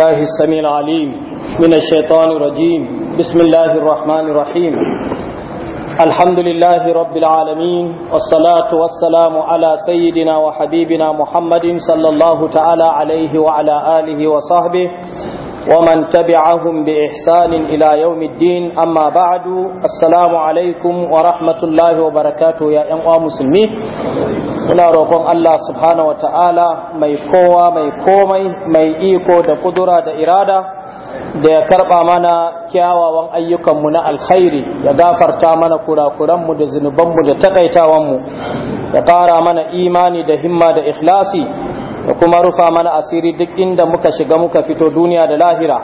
الله السميع العليم من الشيطان الرجيم بسم الله الرحمن الرحيم الحمد لله رب العالمين والصلاة والسلام على سيدنا وحبيبنا محمد صلى الله تعالى عليه وعلى آله وصحبه ومن تبعهم بإحسان إلى يوم الدين أما بعد السلام عليكم ورحمة الله وبركاته يا أمة مسلمين muna roƙon Allah subhanahu wa ta'ala mai kowa mai komai mai iko da kudura da irada da ya karɓa mana kyawawan ayyukanmu na alkhairi ya gafarta mana kurakuranmu da zunubanmu da takaitawanmu ya ƙara mana imani da himma da ikhlasi da kuma rufa mana asiri duk inda muka shiga muka fito duniya da lahira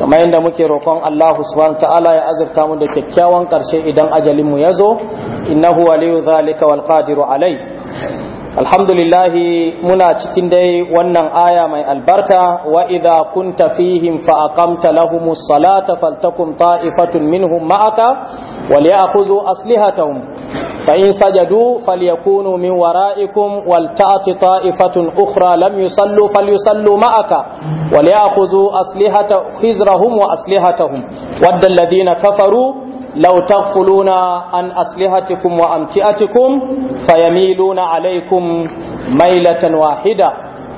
kamar yadda muke roƙon Allah subhanahu ta'ala ya azurta mu da kyakkyawan ƙarshe idan ajalinmu ya zo innahu waliyu zalika wal qadiru alai alhamdulillahi muna cikin dai wannan aya mai albarka wa idha kunta fihim fa aqamta lahumus salata faltakum ta'ifatun minhum ma'aka walyakhudhu aslihatahum fa in sajadu falyakunu min wara'ikum walta'ti ta'ifatun ukhra lam yusallu falyusallu ma'aka walyakhudhu aslihata khizrahum wa aslihatahum wadda alladhina kafaru لو تغفلون عن أسلحتكم وأمتئتكم فيميلون عليكم ميلة واحدة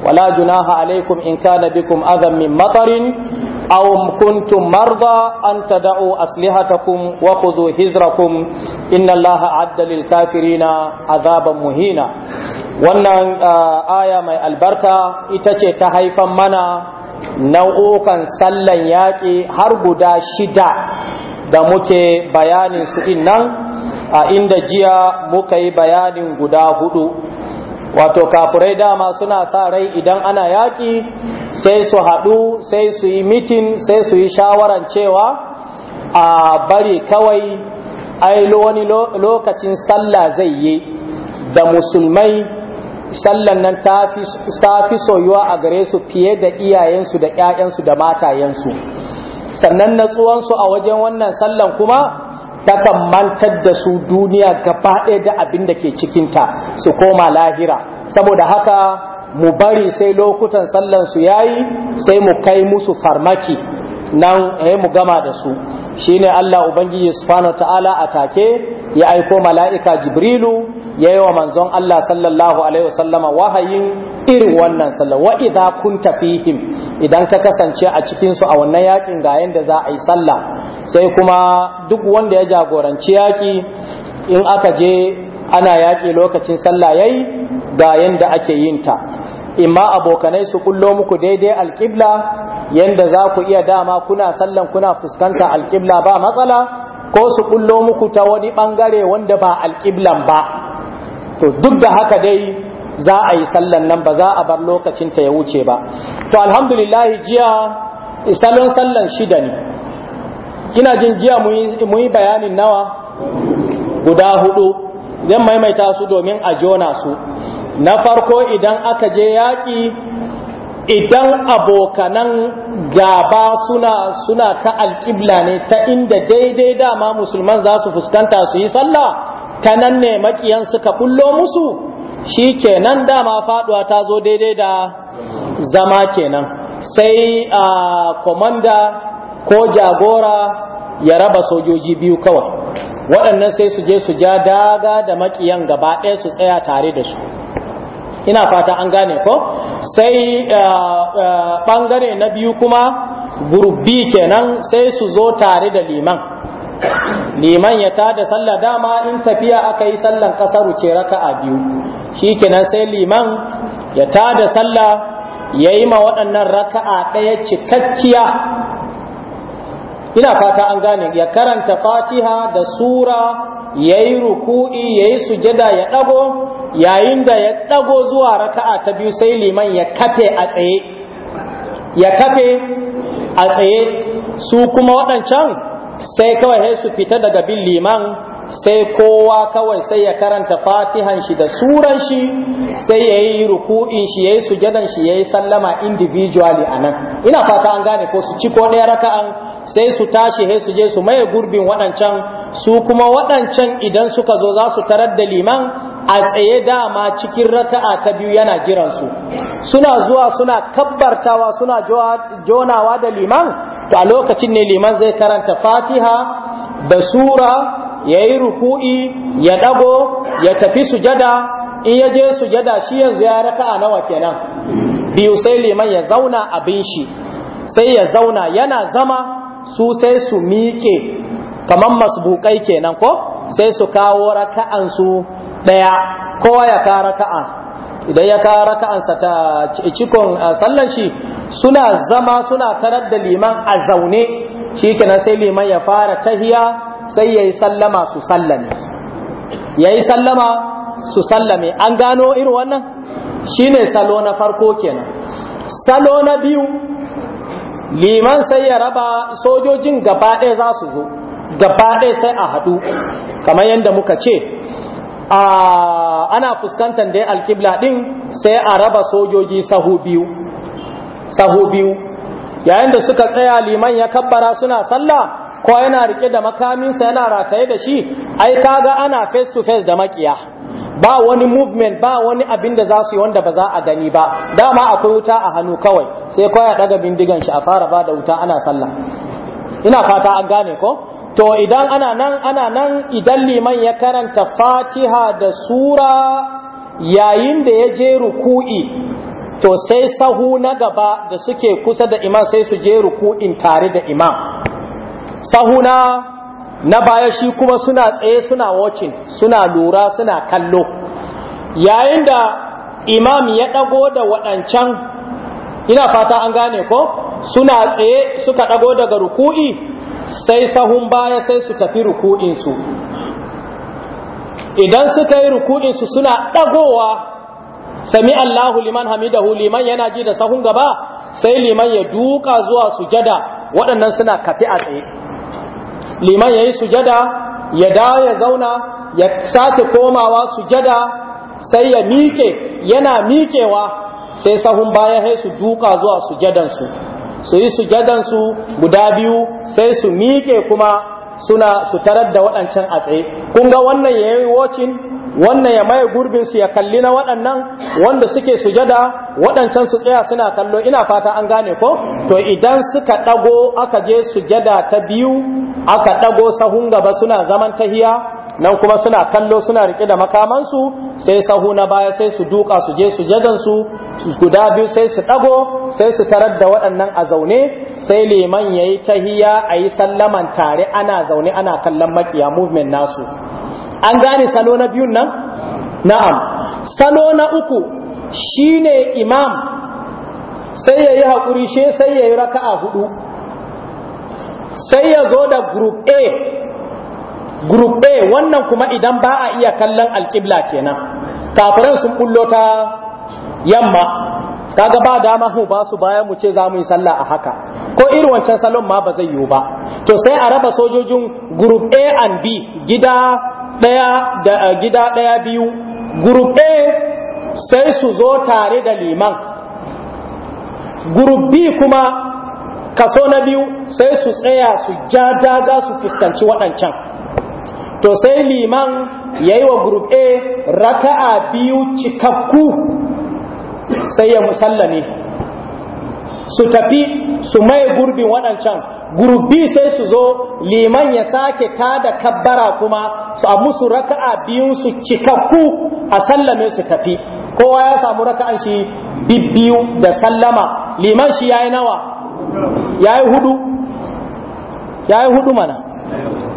ولا جناها عليكم إن كان بكم أذى من مطر أو كنتم مرضى أن تدعوا أسلحتكم وخذوا هزركم إن الله عد للكافرين عذابا مهينا wannan aya mai albarka ita ce ta haifan mana nau'ukan sallan yaƙi har guda shida da muke bayanin su din nan a inda jiya muka yi bayanin guda hudu wato kafurai dama suna sa rai idan ana yaƙi sai su haɗu sai su yi mitin sai su yi shawaran cewa a bari kawai ai wani lokacin sallah zai yi da musulmai sallan nan ta fi soyuwa a gare su fiye da iyayensu da 'ya'yansu da matayensu sannan natsuwansu a wajen wannan sallan kuma ta mantar da su duniya gaba ɗaya da abin da ke cikinta su koma lahira saboda haka mu bari sai lokutan sallan su yayi sai mu kai musu farmaki nan eh mu gama da su shine Allah ubangiji subhanahu ta'ala a take ya aiko mala'ika jibrilu Yayi wa manzon Allah sallallahu alaihi wasallama wahayin irin wannan sallah wa idza kunta fihim idan ka kasance a cikin su a wannan yakin ga yanda za a yi sallah sai kuma duk wanda ya jagoranci yaki in aka je ana yaki lokacin sallah yayi ga yanda ake yin ta imma abokanai su kullo muku daidai alƙibla yanda za ku iya dama kuna sallan kuna fuskanta alƙibla ba matsala ko su kullo muku ta wani ɓangare wanda ba alƙiblan ba to duk da haka dai za a yi sallan nan ba za a bar lokacin ta ya wuce ba to alhamdulillah jiya salon sallan shida ne ina jin jiya mu yi bayanin nawa guda hudu zan maimaita su domin a jona su na farko idan aka je yaƙi idan abokanan gaba suna suna ta alƙibla ne ta inda daidai dama musulman za su fuskanta su yi sallah ta nan ne makiyan suka kullo musu shi kenan dama faduwa ta zo daidai da zama kenan sai a komanda ko jagora ya raba sojoji biyu kawai waɗannan sai su je su ja daga da makiyan gaba ɗaya su tsaya tare da su ina fata an gane ko sai ɓangare na biyu kuma gurbi kenan sai su zo tare da liman liman ya tada sallah dama in tafiya aka yi sallan kasaru ce raka'a biyu Shi kenan sai liman ya tada sallah ya yi ma waɗannan raka'a ɗaya cikakkiya ina fata an gane ya karanta fatiha da sura ya yi ruku'i ya yi sujada ya ɗago yayin da ya ɗago zuwa raka'a ta biyu sai liman ya kafe a tsaye ya kafe a tsaye su kuma waɗancan sai kawai sai su fita daga bin liman sai kowa kawai sai ya karanta fatihan shi da suran shi sai ya yi ruku'in shi ya yi sujadan shi ya yi sallama individually a nan ina fata an gane ko su ci ko ɗaya raka'an sai su tashi sai su je su maye gurbin waɗancan su kuma waɗancan idan suka zo za su tarar da liman a tsaye dama cikin raka'a ta biyu yana jiran su suna zuwa suna kabbartawa suna jonawa da liman to a lokacin ne liman zai karanta fatiha da sura ya yi ruku'i ya ɗago ya tafi sujada in ya je sujada shi yanzu ya raka'a nawa kenan biyu sai liman ya zauna abin shi sai ya zauna yana zama su sai su miƙe kamar masbukai kenan ko sai su kawo raka'ansu ɗaya kowa ya ka raka'a idan ya ka raka'ansa ta cikon sallan shi suna zama suna tarar da liman a zaune shi kenan sai liman ya fara tahiya sai ya yi sallama su sallame ya sallama su sallame an gano irin wannan shine salo na farko kenan salo na biyu liman sai ya raba sojojin gaba ɗaya za su zo gaba ɗaya sai a haɗu kamar yadda muka ce ana fuskantar da alkibla ɗin sai a raba sojoji sahu biyu sahu biyu yayin da suka tsaya liman ya kabbara suna sallah ko yana rike da makaminsa yana rataye da shi ai kaga ana face to face da makiya ba wani movement ba wani abin da za su yi wanda ba za a gani ba dama akwai wuta a hannu kawai sai kawai daga bindigan shi a fara ba da wuta ana sallah ina fata an gane ko to idan ana nan ana nan idan liman ya karanta fatiha da sura yayin da ya je ruku'i to sai sahu na gaba da suke kusa da imam sai su je ruku'in tare da imam sahuna na baya shi kuma suna tsaye suna watching suna lura suna kallo yayin da imam ya dago da waɗancan ina fata an gane ko suna tsaye suka dago daga ruku'i sai sahun baya sai su tafi ruku'insu idan suka yi ruku'insu suna ɗagowa sami Allahu liman hamidahu liman yana ji da sahun gaba sai liman ya duka zuwa sujada waɗannan suna kafi a tsaye liman yayi sujada ya da ya zauna ya sake komawa sujada sai ya mike yana mikewa sai sahun bayan sai su duka zuwa sujadan su su yi sujadan su guda biyu sai su mike kuma suna su tarar da waɗancan a kun ga wannan yi wocin wannan ya maye gurbin su ya kalli na waɗannan wanda suke sujada waɗancan su tsaya suna kallo ina fata an gane ko to idan suka ɗago aka je sujada ta biyu aka ɗago sahun gaba suna zaman tahiya nan kuma suna kallo suna riƙe da makamansu sai sahu na baya sai su duka su je su jadansu guda biyu sai su ɗago sai su tarar da waɗannan a zaune sai liman ya yi tahiya a yi sallaman tare ana zaune ana kallon makiya movement nasu an gane salo na biyun nan na'am salo na uku shine imam sai ya yi haƙuri shi sai ya yayi raka'a hudu sai ya zo da group A group A wannan kuma idan ba a iya kallon alƙibla kenan kafiran sun bullo ta yamma kaga ba dama mu ba su baya mu ce za mu yi sallah a haka ko irin wancan salon ma ba zai yiwu ba to sai a raba sojojin group A and B gida ɗaya da eh, gida ɗaya biyu group A sai su zo tare da liman group B kuma kaso na biyu sai su tsaya su ja daga su fuskanci waɗancan to sai liman ya yi wa group A raka'a biyu cikakku sai ya musallame su tafi su mai gurbin waɗancan gurbi sai su zo liman ya sake tada kabbara kuma su a musu raka'a biyun su cikakku a sallame su tafi kowa ya samu raka'an shi bibbiyu da sallama liman shi yayi nawa yayi hudu yayi hudu mana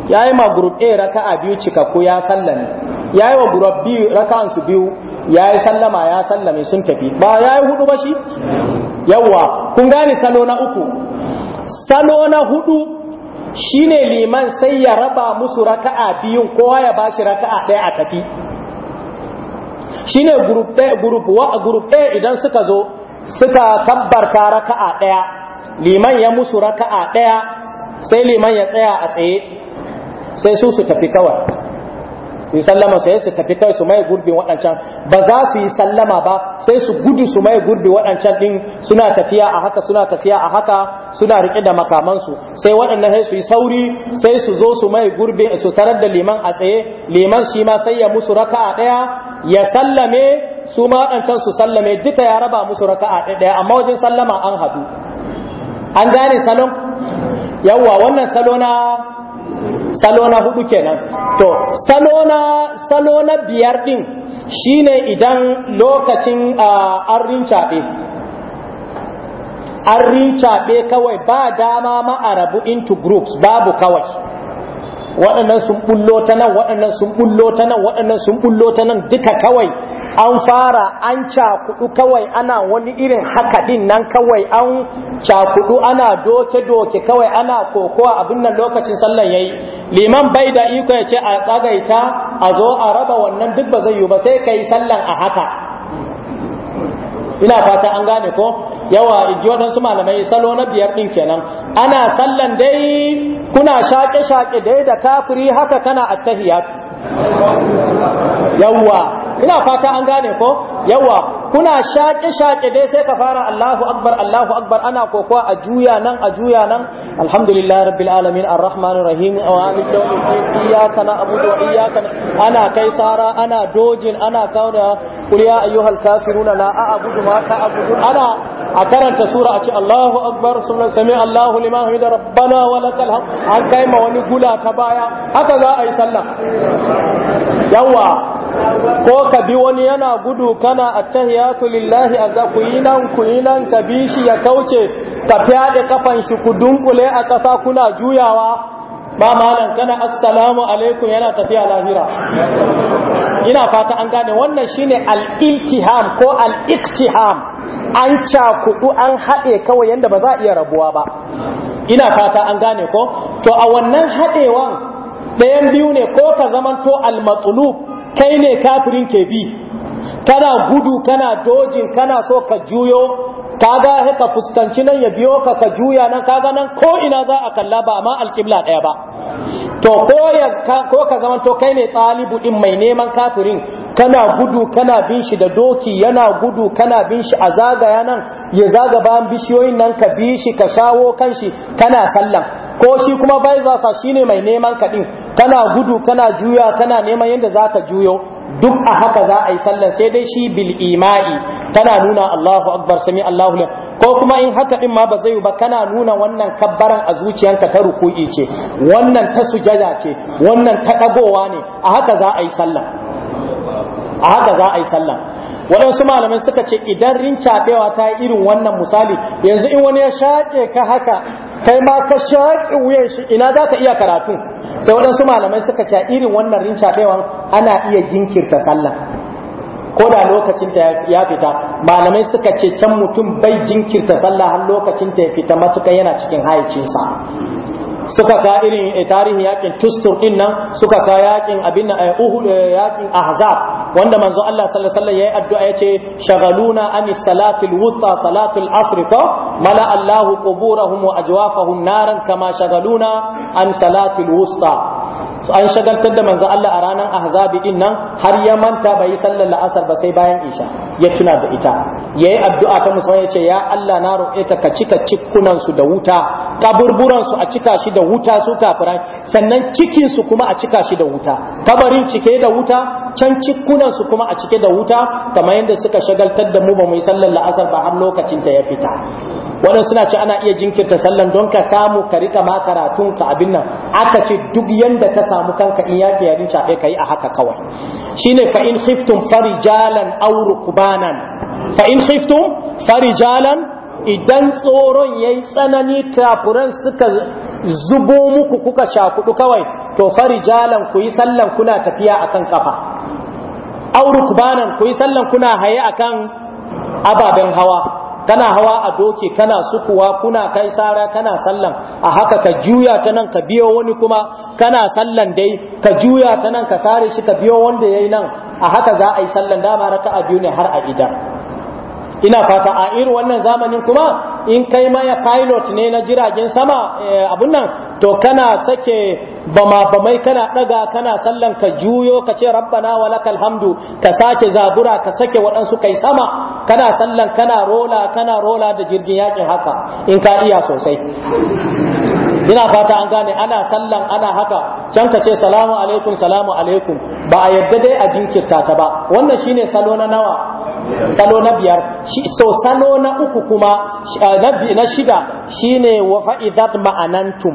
yayi ma group A raka'a biyu cikakku ya sallame yayi wa group B raka'an su biyu ya yi sallama ya sallame sun tafi ba ya yi hudu ba shi yawwa kun gane salo na uku salo na hudu shine liman sai ya raba musu raka'a biyun kowa ya bashi raka'a ɗaya a tafi shine group ɗaya group wa group ɗaya idan suka zo suka kabbarta raka'a ɗaya liman ya musu raka'a ɗaya sai liman ya tsaya a tsaye sai su su tafi kawai su yi sallama sai su tafi kai su mai gurbin waɗancan ba za su yi sallama ba sai su gudu su mai gurbin waɗancan din suna tafiya a haka suna tafiya a haka suna riƙe da makamansu sai waɗannan sai su yi sauri sai su zo su mai gurbin su tarar da liman a tsaye liman shi ma sai ya musu raka'a ɗaya ya sallame su ma waɗancan su sallame duka ya raba musu raka'a ɗaya amma wajen sallama an haɗu an gane salon yawwa wannan salo na salo na hudu kenan to salo na salo na biyar din shine idan lokacin an caɓe kawai ba dama ma arabu into groups babu kawai waɗannan sun bullo ta nan waɗannan sun bullo ta nan waɗannan sun bullo ta nan duka kawai an fara an cakudu kawai ana wani irin haka din nan kawai an cakudu ana doke-doke kawai ana kokowa abin nan lokacin sallan yayi liman bai da iko ya ce a tsagaita a zo a raba wannan duk ba zai yi ba sai ka yi sallan a haka ina fata an gane ko Yawa wariji waɗansu malamai salo na biyar ɗin kenan ana sallan dai kuna shaƙe-shaƙe dai da kafiri haka kana attahiyatu yawwa ina fata an gane ko yawa kuna shaƙe shaƙe dai sai ka fara Allahu akbar Allahu akbar ana kokowa a juya nan a juya nan alhamdulillah rabbil alamin arrahmanir rahim wa maliki yawmiddin iyyaka na'budu wa iyyaka ana kai sara ana dojin ana kauna qul ya ayyuhal kafiruna la a'budu ma ta'budu ana a karanta sura a ce Allahu akbar sunna sami Allahu liman hamida rabbana wa lakal hamd an kai ma wani gula ta baya haka za a yi sallah yawa ko ka bi wani yana gudu kana attahiyatu lillahi azza ku yi nan ku ka bi shi ya kauce ka fyaɗe kafan shi ku dunkule a ƙasa kuna juyawa ba malam kana assalamu alaikum yana tafiya lahira ina fata an gane wannan shine al-iltiham ko al-iktiham an cakudu an haɗe kawai yadda ba za a iya rabuwa ba ina fata an gane ko to a wannan haɗewan ɗayan biyu ne ko ka zamanto al-matsulub kai ne kafirin ke bi kana gudu kana dojin kana so ka juyo kaga ka fuskanci nan ya biyo ka ka juya nan kaga nan ko ina za a kalla ba amma alƙibla ɗaya ba to ko ko ka zama to kai ne talibu din mai neman kafirin kana gudu kana bin shi da doki yana gudu kana bin shi a zagaya nan ya zaga bayan bishiyoyin nan ka bi shi ka shawo kan shi kana sallan ko shi kuma bai zasa shine mai neman ka din kana gudu kana juya kana neman yadda zaka juyo duk a haka za a yi sallar sai dai shi bil ima'i kana nuna Allahu akbar sami Allahu ne. ko kuma in haka din ma ba zai ba kana nuna wannan kabbaran a zuciyanka ta ruku'i ce wannan ta sujada ce wannan ta dagowa ne a haka za a yi sallah a haka za a yi waɗansu malamai suka ce idan rincaɗewa ta yi irin wannan misali yanzu in wani ya shaƙe ka haka kai ma ka shaƙi wuyan shi ina za ka iya karatu sai waɗansu malamai suka ce irin wannan rinca ɗewan ana iya jinkirta sallah ko da lokacin ta ya fita malamai suka ce can mutum bai jinkirta sallah har lokacin ta ya fita matuka yana cikin hayacinsa suka ka irin eh, tarihin yakin tustur din nan suka ka yakin abin eh, uhud eh, yakin ahzab wanda manzo Allah sallallahu alaihi wasallam yayi addu'a yace shagaluna ani salatil wusta salatul asr fa mala Allahu quburahum wa ajwafahum naran kama shagaluna an salatil wusta an shagaltar da manzo Allah a ranar ahzabi din nan har ya manta bai sallar la'asar ba sai bayan isha ya tuna da ita yayi addu'a ta musamman yace ya Allah na roƙe ka ka cika cikkunan su da wuta kaburburan su a cika shi da wuta su kafiran sannan cikin su kuma a cika shi da wuta kabarin cike da wuta can cikkunan su kuma a cike da wuta kamar yadda suka shagaltar da mu ba mu yi sallar la'asar ba har lokacin ta ya fita wannan suna ce ana iya jinkirta sallan don ka samu ka rika ma karatun ka abin nan aka ce duk yanda ka samu samu kanka in yaki yarin shafe kai a haka kawai shine fa in khiftum farijalan aw rukbanan fa in khiftum farijalan idan tsoron yayi tsanani kafuran suka zubo muku kuka shakudu kawai to farijalan ku yi sallan kuna tafiya akan kafa aw rukbanan ku yi sallan kuna haye akan ababen hawa kana hawa a doke kana sukuwa kuna kai sara kana sallan a haka ka juya ta nan ka biyo wani kuma kana sallan dai ka juya ta nan ka sare shi ka biyo wanda yayi nan a haka za a yi sallan dama raka'a biyu ne har a idan ina fata a irin wannan zamanin kuma in kai maya pilot ne na jiragen sama eh, abun nan to kana sake bama bamai kana daga kana sallan ka juyo ka ce rabbana wa lakal hamdu ka sake zabura ka sake waɗansu kai sama kana sallan kana rola kana rola da jirgin yakin haka in ka iya sosai ina fata an gane ana sallan ana haka can ka ce salamu alaikum salamu alaikum ba a yadda dai a jinkirta ta ba wannan shine salo na nawa salo na biyar so salo na uku kuma eh, na shida shine wa fa'idat ma'anantum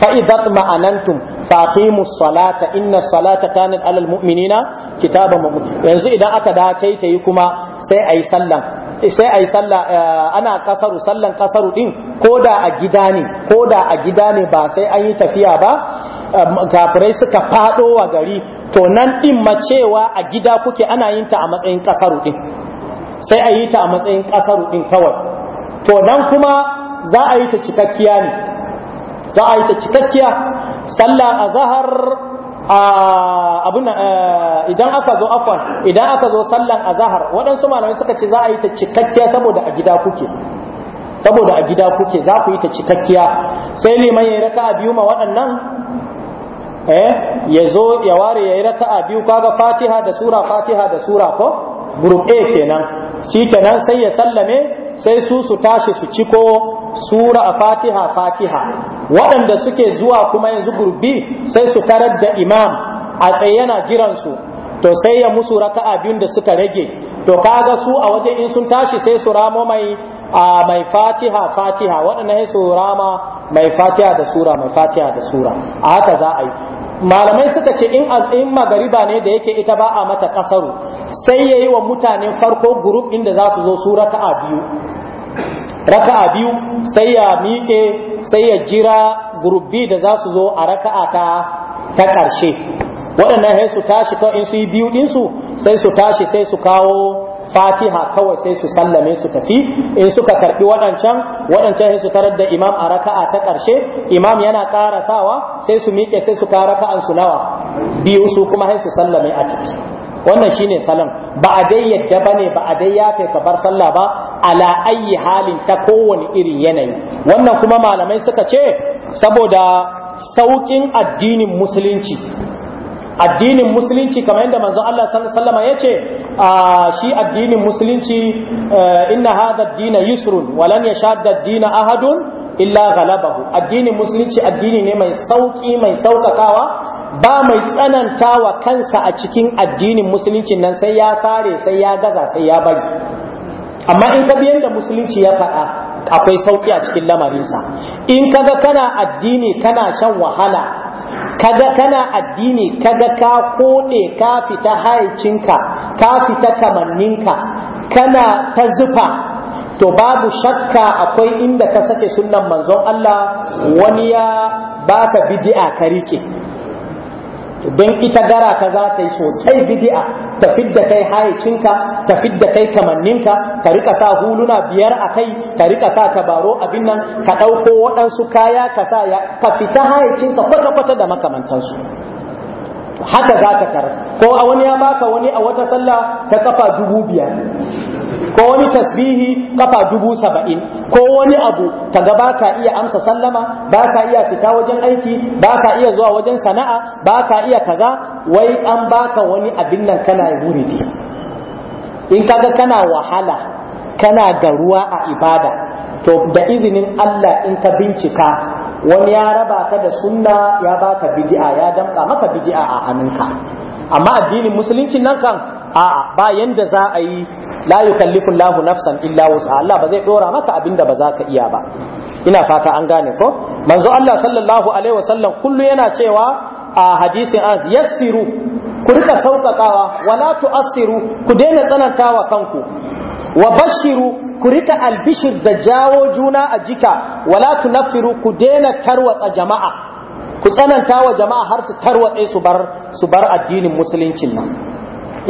fa'idat ma'anantum faqimu salata inna salata kanat alal mu'minina kitaban mamud yanzu idan aka da tai kuma sai ayi sallan sai ayi sallah eh, ana kasaru sallan kasaru din koda a gida ne koda a gida ne ba sai an yi tafiya ba Um, kafirai suka fado wa gari to nan din macewa a gida kuke ana yin ta a matsayin kasaru din sai a yi ta a matsayin kasaru din kawai to nan kuma za a yi ta cikakkiya ne za a yi ta cikakkiya sallar azhar abun eh, idan aka zo afwan idan aka zo sallan azhar waɗansu malamai suka ce za a yi ta cikakkiya saboda a gida kuke saboda a gida kuke za ku yi ta cikakkiya sai liman ya raka a biyu ma waɗannan eh ya zo ya ware ya yi raka'a biyu kaga fatiha da sura fatiha da sura ko group A kenan shi kenan sai ya sallame sai su su tashi su ciko sura fatiha fatiha waɗanda suke zuwa kuma yanzu gurbi sai su tarar da imam a tsaye yana jiran su to sai ya musu raka'a biyun da suka rage to kaga su a waje in sun tashi sai su ramo mai a mai fatiha fatiha waɗannan sai su rama mai fatiha da sura mai fatiha da sura a haka za a yi malamai suka ce in in magariba ne da yake ita ba a mata kasaru sai ya yi wa mutane farko group inda za su zo su raka'a biyu raka'a biyu sai ya mike sai ya jira group B da za su zo a raka'a ta ta ƙarshe waɗannan sai su tashi to in su yi biyu din sai su tashi sai su kawo fatiha kawai sai su sallame su tafi in suka karbi waɗancan waɗancan sai su tarar da imam a raka'a ta ƙarshe imam yana ƙarasawa sai su miƙe sai su ka raka'an su nawa biyu su kuma sai su sallame a ciki wannan shine salam ba a dai yadda bane ba a dai yafe ka bar sallah ba ala ayyi halin ta kowane irin yanayi wannan kuma malamai suka ce saboda sauƙin addinin musulunci addinin musulunci kamar yadda manzo Allah sallallahu alaihi ce shi addinin musulunci e, inna hadha ad-din yusrun wa lan yashadda ad-din ahadun illa ghalabahu addinin musulunci addini ne mai sauki mai saukakawa ba mai tsanantawa kansa a cikin addinin musulunci nan sai ya sare sai ya gaza sai ya bari amma in ka yadda musulunci ya faɗa akwai sauki a cikin lamarinsa in kaga kana addini kana shan wahala kaga kana addini kaga ka kode ka fita haicinka ka fita kamanninka kana ta zufa to babu shakka akwai inda ka sake sunnan manzon Allah wani ya baka bid'a ka rike don ita gara ka za ta yi sosai bidi'a ta fidda kai hayacinka ta fidda kai kamanninka ka rika sa huluna biyar a kai ka rika sa tabaro abin nan ka ɗauko waɗansu kaya ka sa ya ka fita hayacinka kwata-kwata da makamantansu haka za ka kar ko a wani ya baka wani a wata sallah ta kafa dubu biyar ko wani tasbihi kafa dubu saba'in ko wani abu ka ga baka iya amsa sallama baka iya fita wajen aiki baka iya zuwa wajen sana'a baka iya kaza wai an baka wani abin nan kana wuridi in kaga kana wahala kana ruwa a ibada to da izinin Allah in ka bincika wani ya raba ka da sunna ya baka bid'a ya damka maka bid'a a hannunka amma addinin musulunci nan kan a ba yanda za a yi la yukallifu Allahu nafsan illa wus'aha Allah ba zai dora maka abinda ba za ka iya ba ina fata an gane ko manzo Allah sallallahu alaihi wasallam kullu yana cewa a hadisin az yassiru ku rika sauƙaƙawa wala tu'assiru ku daina tsanantawa kanku wa bashiru ku rika albishir da jawo juna a jika wala tunaffiru ku daina tarwatsa jama'a ku tsananta wa jama'a har su tarwatse su bar su bar addinin musuluncin nan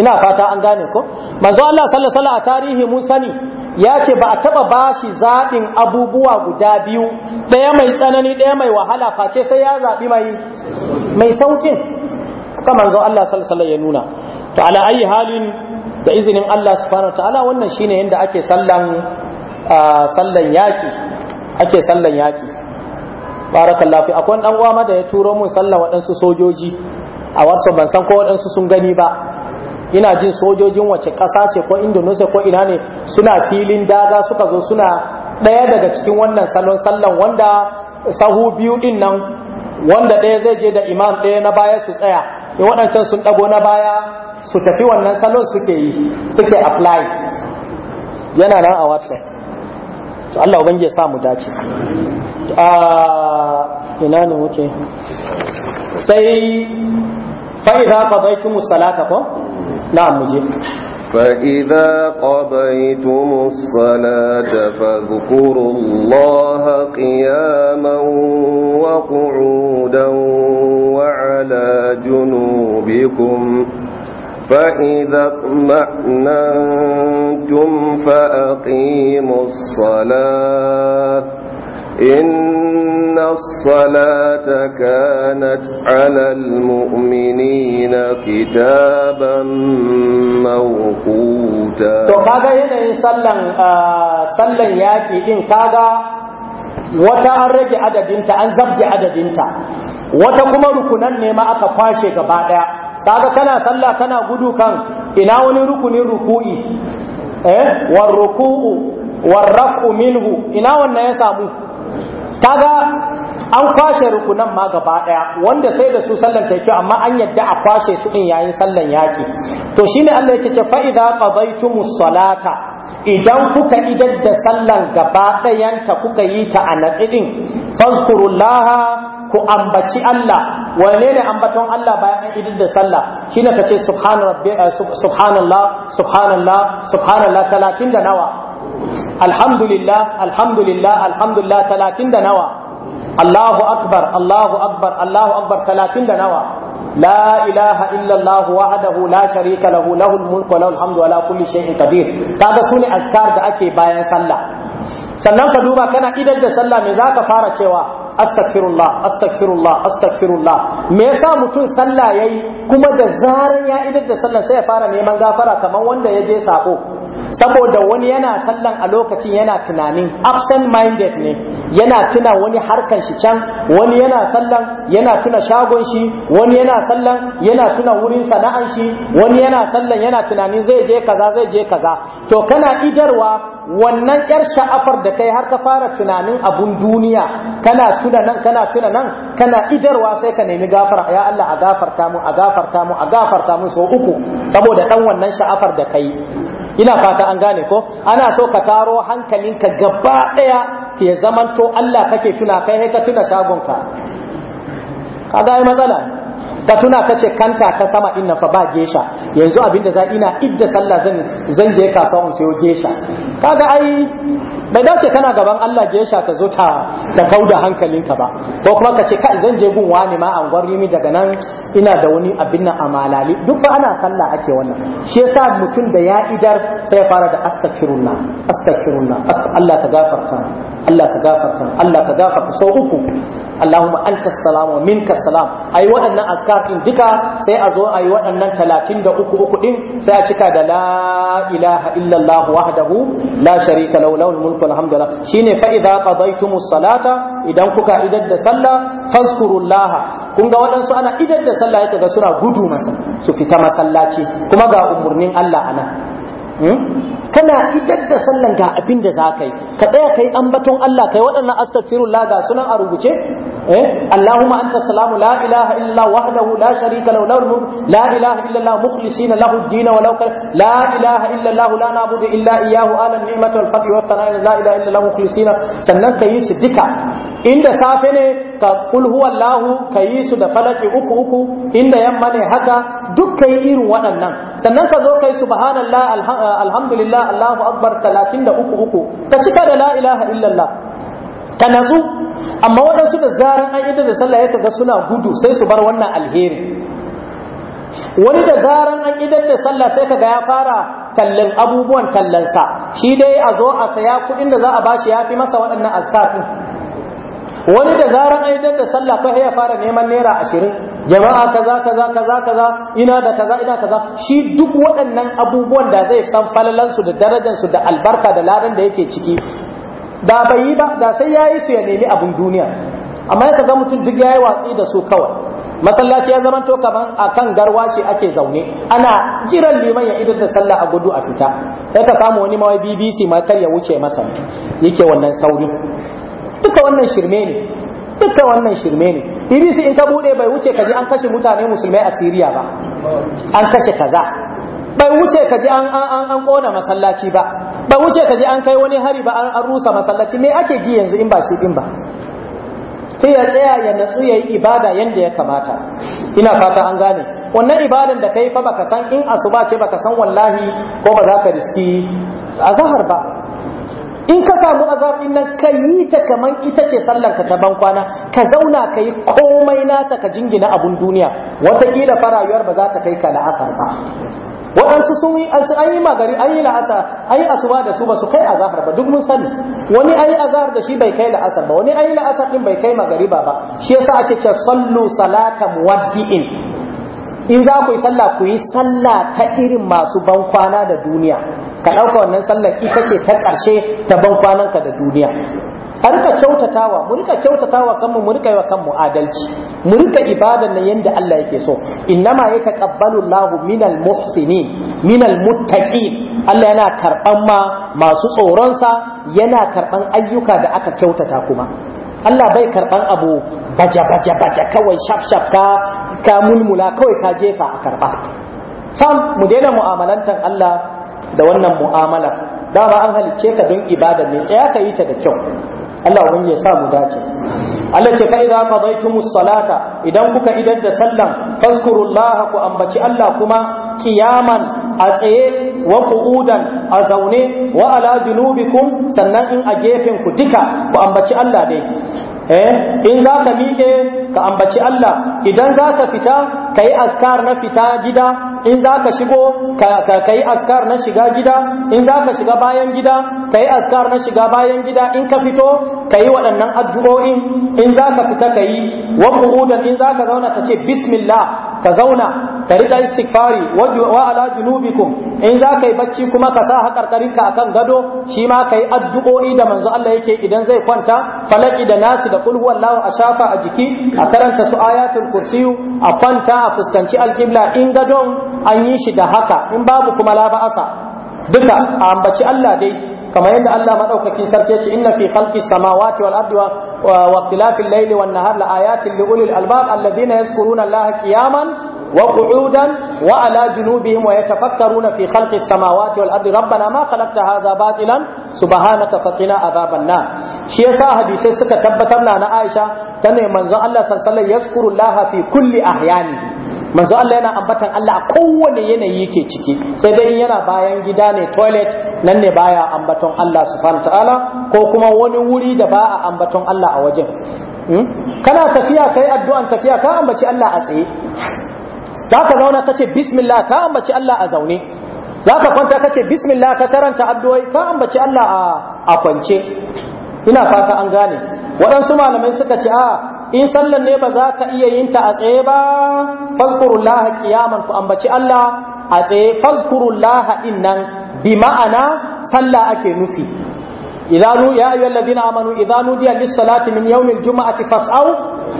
ina fata an gane ko manzo Allah sallallahu alaihi wasallam a tarihi mun sani ya ce ba a taba bashi zaɓin abubuwa guda biyu ɗaya mai tsanani ɗaya mai wahala face sai ya zaɓi mai mai saukin haka manzo Allah sallallahu ya nuna to ala ayi halin da izinin Allah subhanahu ta'ala wannan shine yanda ake sallan ah, sallan yaki ake sallan yaki barakallahu akwai dan uwa da ya turo mun sallah waɗansu sojoji a wasu ban san ko waɗansu sun gani ba ina jin sojojin wace ƙasa ce ko indonesia ko ina ne suna filin daga suka zo suna ɗaya daga cikin wannan salon sallan wanda sahu biyu din nan wanda ɗaya zai je da imam ɗaya na baya su tsaya in waɗancan sun ɗago na baya su tafi wannan salon suke yi suke apply yana nan a whatsapp to Allah ubangiji ya sa mu dace ina ne wuce sai fa'iza qadaytum salata ko na muje فإذا قضيتم الصلاة فاذكروا الله قياما وقعودا وعلى جنوبكم فإذا اطمأننتم فأقيموا الصلاة إن الصلاة كانت على المؤمنين كتابا موقوتا to kaga yanayin sallan sallan yaki din kaga wata an rage adadinta an zabge adadinta wata kuma rukunan nema aka kwashe gaba daya kaga kana sallah kana gudu kan ina wani rukunin ruku'i eh war ruku'u war raf'u minhu ina wannan ya samu kaga an kwashe rukunan ma gaba daya wanda sai da su sallan ta amma an yadda a kwashe su din yayin sallan yaki to shine Allah yake ce fa idza qadaytumus salata idan kuka idar da sallan gaba kuka yi ta a ɗin, fazkurullaha ku ambaci Allah wane ne ambaton Allah bayan an idar da sallah shine kace eh, subhanallah subhanallah subhanallah subhanallah 30 da nawa alhamdulillah alhamdulillah alhamdulillah talatin da nawa Allahu akbar Allahu akbar Allahu akbar talatin da nawa لا إله إلا الله وحده لا شريك له له الملك وله الحمد ولا كل شيء قدير هذا سوني أذكار da ake bayan sallah sannan ka duba kana idan da sallah me zaka fara cewa astaghfirullah astaghfirullah astaghfirullah me yasa mutum sallah yayi kuma da zaran ya idar da sallah sai ya fara neman gafara kamar wanda ya je sako saboda wani yana sallan a lokacin yana tunanin absent minded ne yana tuna wani harkan shi can wani yana sallan yana tuna shagon shi wani yana sallan yana tuna wurin sana'an shi wani yana sallan yana tunanin zai je kaza zai je kaza to kana idarwa wannan yar sha'afar da kai har ka fara tunanin abun duniya kana tuna nan kana tuna nan kana idarwa sai ka nemi gafara ya Allah a gafarta mu a gafarta mu a gafarta mu so uku saboda dan wannan sha'afar da kai ina fata an gane ko ana so ka taro hankalinka gaba daya zaman zamanto Allah kake tuna kai sai ka tuna shagonka kaga ai matsala ta tuna ka ce kanta ta sama inna fa ba gesha yanzu abinda za ina idda sallah zan zan je kasuwa in sayo gesha kaga ai bai dace kana gaban Allah gesha ta zo ta ta kauda hankalinka ba ko kuma ka ce kai zan je gun wani ma an gwarri mi daga nan ina da wani abin nan amalali duk fa ana sallah ake wannan shi yasa mutum da ya idar sai ya fara da astaghfirullah astaghfirullah Allah ta gafarta Allah ka gafarta Allah ka gafarta sau uku Allahumma anta salamu minka salam ai waɗannan azkar din duka sai a zo ai waɗannan 33 uku din sai a cika da la ilaha illa illallah wahdahu la sharika lahu lahul mulku alhamdulillah shine fa idza qadaytumus salata idan kuka idar da sallah fazkurullah kun ga waɗansu ana idar da sallah yake ga suna gudu masa su fita masallaci kuma ga umurnin Allah anan Hmm? kana idar da sallan ga abin da za ka yi ka tsaya ka yi ambaton Allah ka yi waɗannan astaghfirullah ga sunan a rubuce eh Allahumma anta salamu la ilaha illa wahdahu la sharika lahu lahul la ilaha illa la mukhlisina lahu ad-din wa law la ilaha illa Allah la na'budu illa iyyahu ala ni'mati wal fadli wa thana'i la ilaha illa la mukhlisina sannan ka yi su duka inda safe ne ka kul huwallahu ka yi su da falaki uku uku inda yamma ne haka duk yi irin waɗannan sannan ka zo kai subhanallah alhamdulillah Allahu akbar 33 ka cika da la ilaha illallah ka nazu amma waɗansu da zaran an idda da sallah ya kaga suna gudu sai su bar wannan alheri wani da zaran an idar da sallah sai kaga ya fara kallon abubuwan kallonsa shi dai a zo a saya kuɗin da za a bashi ya fi masa waɗannan ɗin. wani da zaran yi da sallah fa ya fara neman naira ashirin jama'a kaza kaza kaza kaza ina da kaza ina kaza shi duk waɗannan abubuwan da zai san su da darajansu da albarka da ladan da yake ciki da bai yi ba da sai ya yi su ya nemi abun duniya amma ya kaga mutum duk ya yi watsi da su kawai masallaci ya zamanto kaman a kan ce ake zaune ana jiran liman ya idar da sallah a gudu a fita sai ka samu wani mawai bbc ma kar ya wuce masa yake wannan saurin duka wannan shirme ne duka wannan shirme ne su in ta bude bai wuce kaji an kashe mutane musulmai a Siriya ba an kashe kaza bai wuce kaji an kona masallaci ba bai wuce kaji an kai wani hari ba an rusa masallaci me ake ji yanzu in ba shi din ba sai ya tsaya ya natsu ya yi ibada yadda ya kamata ina fata an gane wannan ibadan da kai fa baka san in asuba ce baka san wallahi ko ba za ka riski zahar ba in ka samu azabin nan ka yi ta kaman ita ce sallanka ta ban kwana ka zauna ka yi komai nata ka jingina abun duniya wataƙila fa rayuwar ba za ta kai ka la'asar ba waɗansu sun yi an yi magari an yi la'asa an yi asuba da su ba su kai azahar ba duk mun sani wani an yi azahar da shi bai kai la'asar ba wani an yi la'asar din bai kai magariba ba shi yasa ake ce sallu salata muwaddi'in in za ku yi sallah ku yi sallah ta irin masu ban kwana da duniya ka ɗauka wannan sallar ita ce ta ƙarshe ta ban kwananka da duniya a rika kyautatawa mu rika kyautatawa kanmu mu rika yi wa kanmu adalci mu rika ibadan nan yanda Allah yake so innama yataqabbalu Allahu minal muhsinin minal muttaqin Allah yana karban ma masu tsoron sa yana karban ayyuka da aka kyautata kuma Allah bai karban abu baja baja baja kawai shaf shaf ka ka mulmula kawai ka jefa a karba sam mu daina mu'amalantan Allah da wannan mu'amala dama an halicce ka don ibada ne tsaya ka yi ta da kyau Allah wani ya sa mu dace Allah ce kai za qadaytumus salata idan kuka idar da sallan faskurullaha ku ambaci Allah kuma kiyaman a tsaye wa qu'udan a zaune wa ala junubikum sannan in a gefen ku duka ku ambaci Allah dai eh in za ka miƙe ka ambaci Allah idan za ka fita ka yi askar na fita gida in za ka shigo ka yi askar na shiga gida in za ka shiga bayan gida ka yi askar na shiga bayan gida in ka fito ka yi waɗannan addu'o'in in za ka fita ka yi wa in za ka zauna ka ce bismillah ka zauna ka rika istighfari wa ala junubikum in za ka yi bacci kuma ka sa ka akan gado shi ma ka yi addu'o'i da manzo Allah yake idan zai kwanta falaki da nasi da kulhu Allah a shafa a jiki a karanta su ayatul kursi a kwanta a fuskanci alkibla in gadon an yi shi da haka in babu kuma la asa duka a ambaci Allah dai kamar yadda Allah madaukakin sarki yace inna fi khalqis samawati wal ardi wa ikhtilafil layli wan nahar la ayatin li ulil albab alladhina yazkuruna Allaha qiyaman wa qu'udan wa ala junubihim wa yatafakkaruna fi khalqis samawati wal ardi rabbana ma khalaqta hadha batilan subhanaka faqina adhaban nar shi yasa hadisai suka tabbatar na Aisha tana manzon Allah sallallahu alaihi wasallam yazkuru Allaha fi kulli ahyanihi manzo Allah yana ambatan Allah a kowane yanayi ke ciki sai dai yana bayan gida ne toilet nan ne baya ambaton Allah subhanahu ta'ala ko kuma wani wuri da ba a ambaton Allah a wajen hmm? kana tafiya kai addu'an tafiya ka ambaci Allah a tsaye za ka zauna ka ce bismillah ka ambaci Allah a zaune za ka kwanta ka ce bismillah ka karanta addu'ai ka ambaci Allah a kwance ina fata an gane waɗansu malamai suka ce a in sallan ne ba za ka iya yin ta a tsaye ba fazkurullah qiyaman ku ambaci Allah a tsaye fazkurullah din nan bi ma'ana sallah ake nufi idanu ya ayyuhal ladina amanu idanu diya lis salati min yawmil jumu'ati fas'au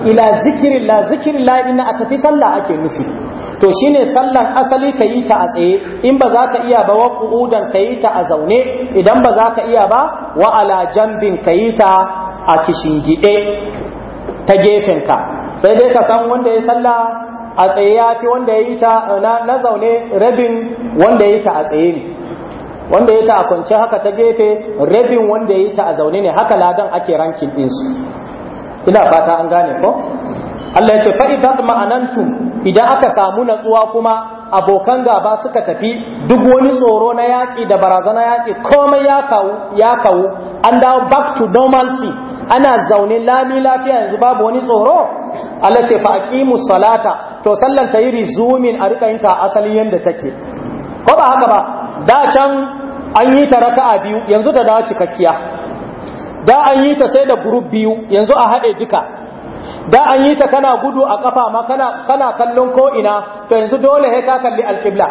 ila zikrillah zikrillah din a tafi sallah ake nufi to shine sallan asali ka yi ta a tsaye in ba za ka iya ba wa qu'udan ka yi ta a zaune idan ba za ka iya ba wa ala jambin ka yi ta a kishingide ta gefen gefenka sai dai ka san wanda ya salla a tsaye ya fi wanda ya yi ta na zaune rabin wanda ya yi ta a tsaye ne wanda ya yi ta a kwance haka ta gefe rabin wanda ya yi ta a zaune ne haka ladan ake rankin ɗinsu ina fata an gane ko Allah ya ce fa'idat ma'anantum idan aka samu natsuwa kuma abokan gaba suka tafi duk wani tsoro na yaƙi da barazana yaki komai ya kawu an dawo back to normalcy ana zaune lami lafiya yanzu babu wani tsoro Allah ce fa aqimu salata to sallan ta yi rizumin a rika yin ta asalin yanda take ko ba haka ba da can an yi ta raka'a biyu yanzu ta dawo cikakkiya da an yi ta sai da group biyu yanzu a haɗe duka da an yi ta kana gudu a kafa ma kana kallon ko ina to yanzu dole sai ka kalli alqibla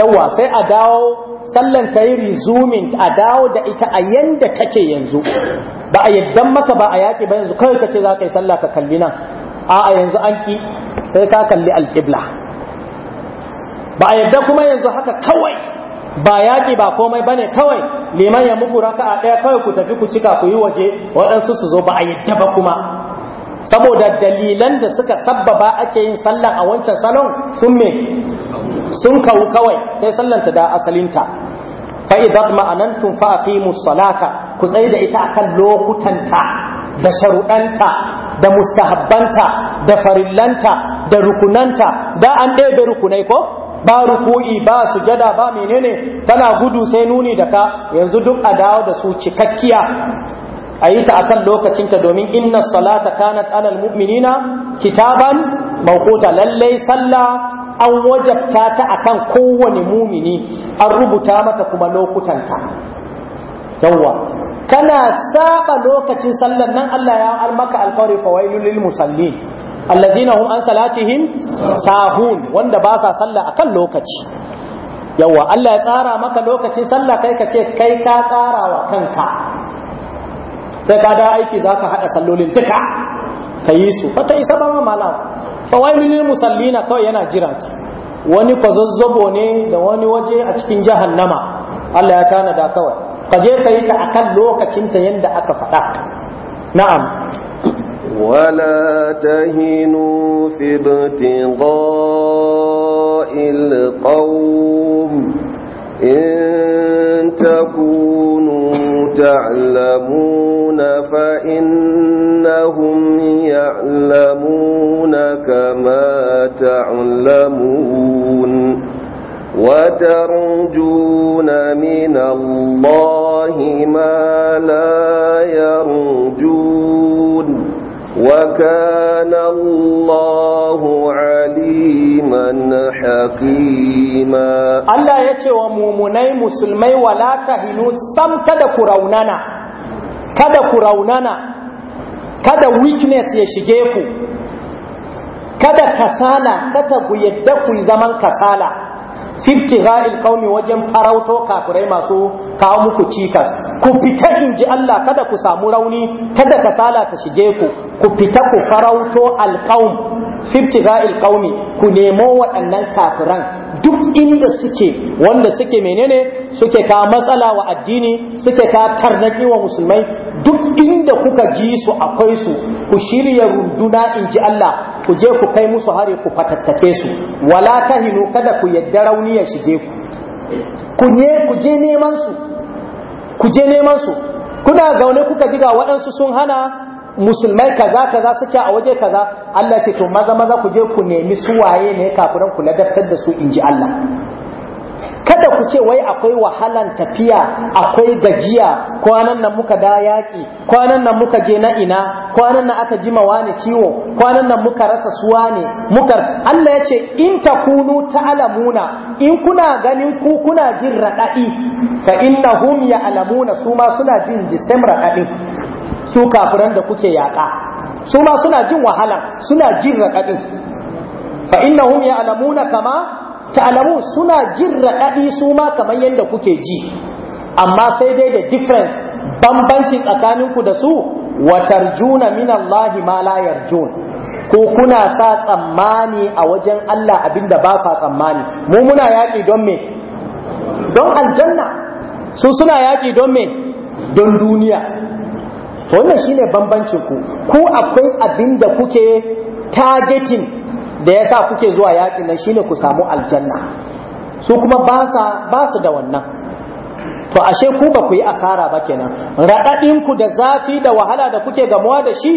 yawa sai a dawo sallan ta yi resuming a dawo da ita a yanda take yanzu ba a yaddan maka ba a yaƙi ba yanzu kawai ka ce za ka yi sallah ka kalli nan a a yanzu an ki sai ka kalli alqibla ba a yadda kuma yanzu haka kawai ba yaƙi ba komai bane kawai liman ya muku a ɗaya kawai ku tafi ku cika ku yi waje waɗansu su zo ba a yadda ba kuma saboda dalilan da suka sabbaba ake yin sallan a wancan salon sun me sun kawu kawai sai sallan ta da asalinta fa idan ma'anantum fa aqimus salata ku tsaye da ita akan lokutanta da sharuɗanta da mustahabbanta da farillanta da rukunanta da an ɗebe rukunai ko ba ruku'i ba sujada ba menene tana gudu sai nuni da ka yanzu duk a dawo da su cikakkiya a yi ta akan lokacinta domin inna salata kanat alal mu'minina kitaban mawquta lallai sallah an wajabta ta akan kowane mumini an rubuta mata kuma lokutanta yawwa kana saba lokacin sallar nan Allah ya almaka alƙawari fawailul lil musallin alladhina hum an salatihim sahun wanda ba sa sallah akan lokaci Yawwa Allah ya tsara maka lokacin sallah kai ka ce kai ka tsara wa kanka sai ka da aiki za ka haɗa sallolin duka ka yi su ba ta isa ba malam milin musalli na kawai yana jira ki wani kwazazzabo ne da wani waje a cikin jahannama Allah ya tana da kawai ka je ka yi ta lokacin lokacinta yadda aka faɗa na'am ولا تهنوا في ابتغاء القوم إن تكونوا تعلمون فإنهم يعلمون كما تعلمون وترجون من الله ما لا يرجون وكان الله عليم حكيما الله يتي ومؤمني مسلمي ولا تهنوا سم كذا كراوننا كذا كراوننا كذا ويكنس يشجيكو kada kasala kada ku yadda ku zaman ibtigha'il qaumi wajen farauto kafirai masu kawo muku cikas ku fita inji Allah kada ku samu rauni kada kasala ta shige ku ku fita ku farauto alqaum ibtigha'il qaumi ku nemo waɗannan kafiran duk inda suke wanda suke menene suke ka matsala wa addini suke ka tarnaki wa musulmai duk inda kuka ji su akwai su ku shirya runduna inji Allah ku je ku kai musu hari ku fatattake su wala tahinu kada ku yadda rauni ya shige ku ku ne je neman su ku je neman su kuna zaune kuka ji ga waɗansu sun hana musulmai kaza kaza suke a waje kaza Allah ce to maza maza ku je ku nemi su waye ne kafiran ku ladabtar da su inji Allah kada ku ce wai akwai wahalan tafiya akwai gajiya kwanan nan muka da yaƙi kwanan nan muka je na ina kwanan nan aka jima wani ciwo kwanan nan muka rasa suwa ne muka Allah ya ce in takunu ta'lamuna in kuna ganin ku kuna jin radadi fa innahum ya'lamuna su ma suna jin jisam radadin su kafiran da kuke yaƙa su ma suna jin wahala suna jin radadin fa innahum ya'lamuna kama ta'lamu suna jin raɗaɗi su ma kamar yadda kuke ji amma sai dai da difference bambanci tsakaninku da su watarjuna juna Allah ma layar yarjun ko kuna sa tsammani a wajen Allah abinda ba sa tsammani mu muna yaƙi don me don aljanna su suna yaƙi don me don duniya wannan shine bambancin ku ku akwai abinda kuke targeting da ya sa kuke zuwa yakin nan shine ku samu aljanna su kuma ba su da wannan to ashe ku ba ku yi asara ba kenan raɗaɗin ku da zafi da wahala da kuke gamuwa da shi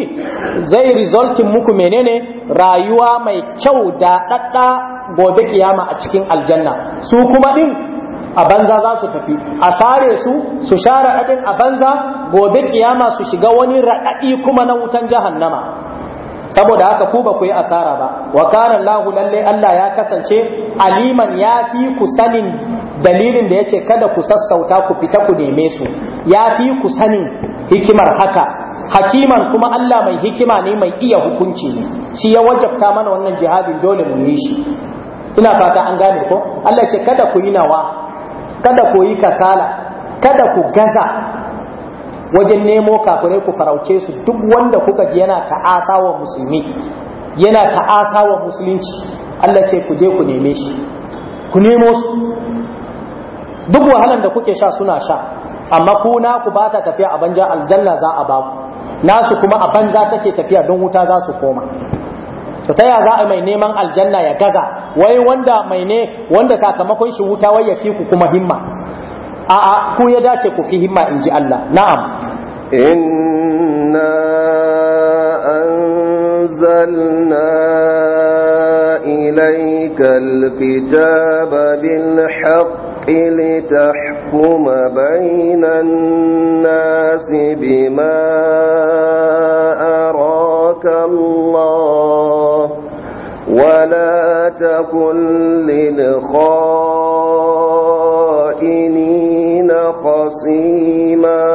zai rizoltin muku menene rayuwa mai kyau da ɗaɗɗa gobe kiyama a cikin aljanna su kuma ɗin a banza za su tafi a sare su su share raɗaɗin a banza gobe kiyama su shiga wani raɗaɗi kuma na wutan jahannama saboda haka ku ba ku yi asara ba wa kana Allahu lalle Allah ya kasance aliman ya fi ku sanin dalilin da yace kada ku sassauta ku fita ku neme su ya fi ku sanin hikimar haka hakiman kuma Allah mai hikima ne mai iya hukunci shi ya wajabta mana wannan jihadin dole mu yi shi ina fata an gane ko Allah ce kada ku yi nawa kada ku yi kasala kada ku gaza wajen nemo kafirai ku farauce su duk wanda kuka ji yana ta'asa wa musulmi yana ta'asa musulunci Allah ce ku je ku neme shi ku nemo su duk wahalan da kuke sha suna sha amma ku na ku ba ta tafiya a banja, aljanna za a ba ku nasu kuma a banza take tafiya don wuta za su koma to ta ya za a mai neman aljanna ya gaza wai wanda mai ne wanda sakamakon shi wuta wai ya fi ku kuma himma a'a ku ya dace ku fi himma inji Allah na'am inna anzalna ilayka alkitaba bilhaqq haqqi litahkum bayna nas bima araka Allah ولا تكن للخائنين عصيما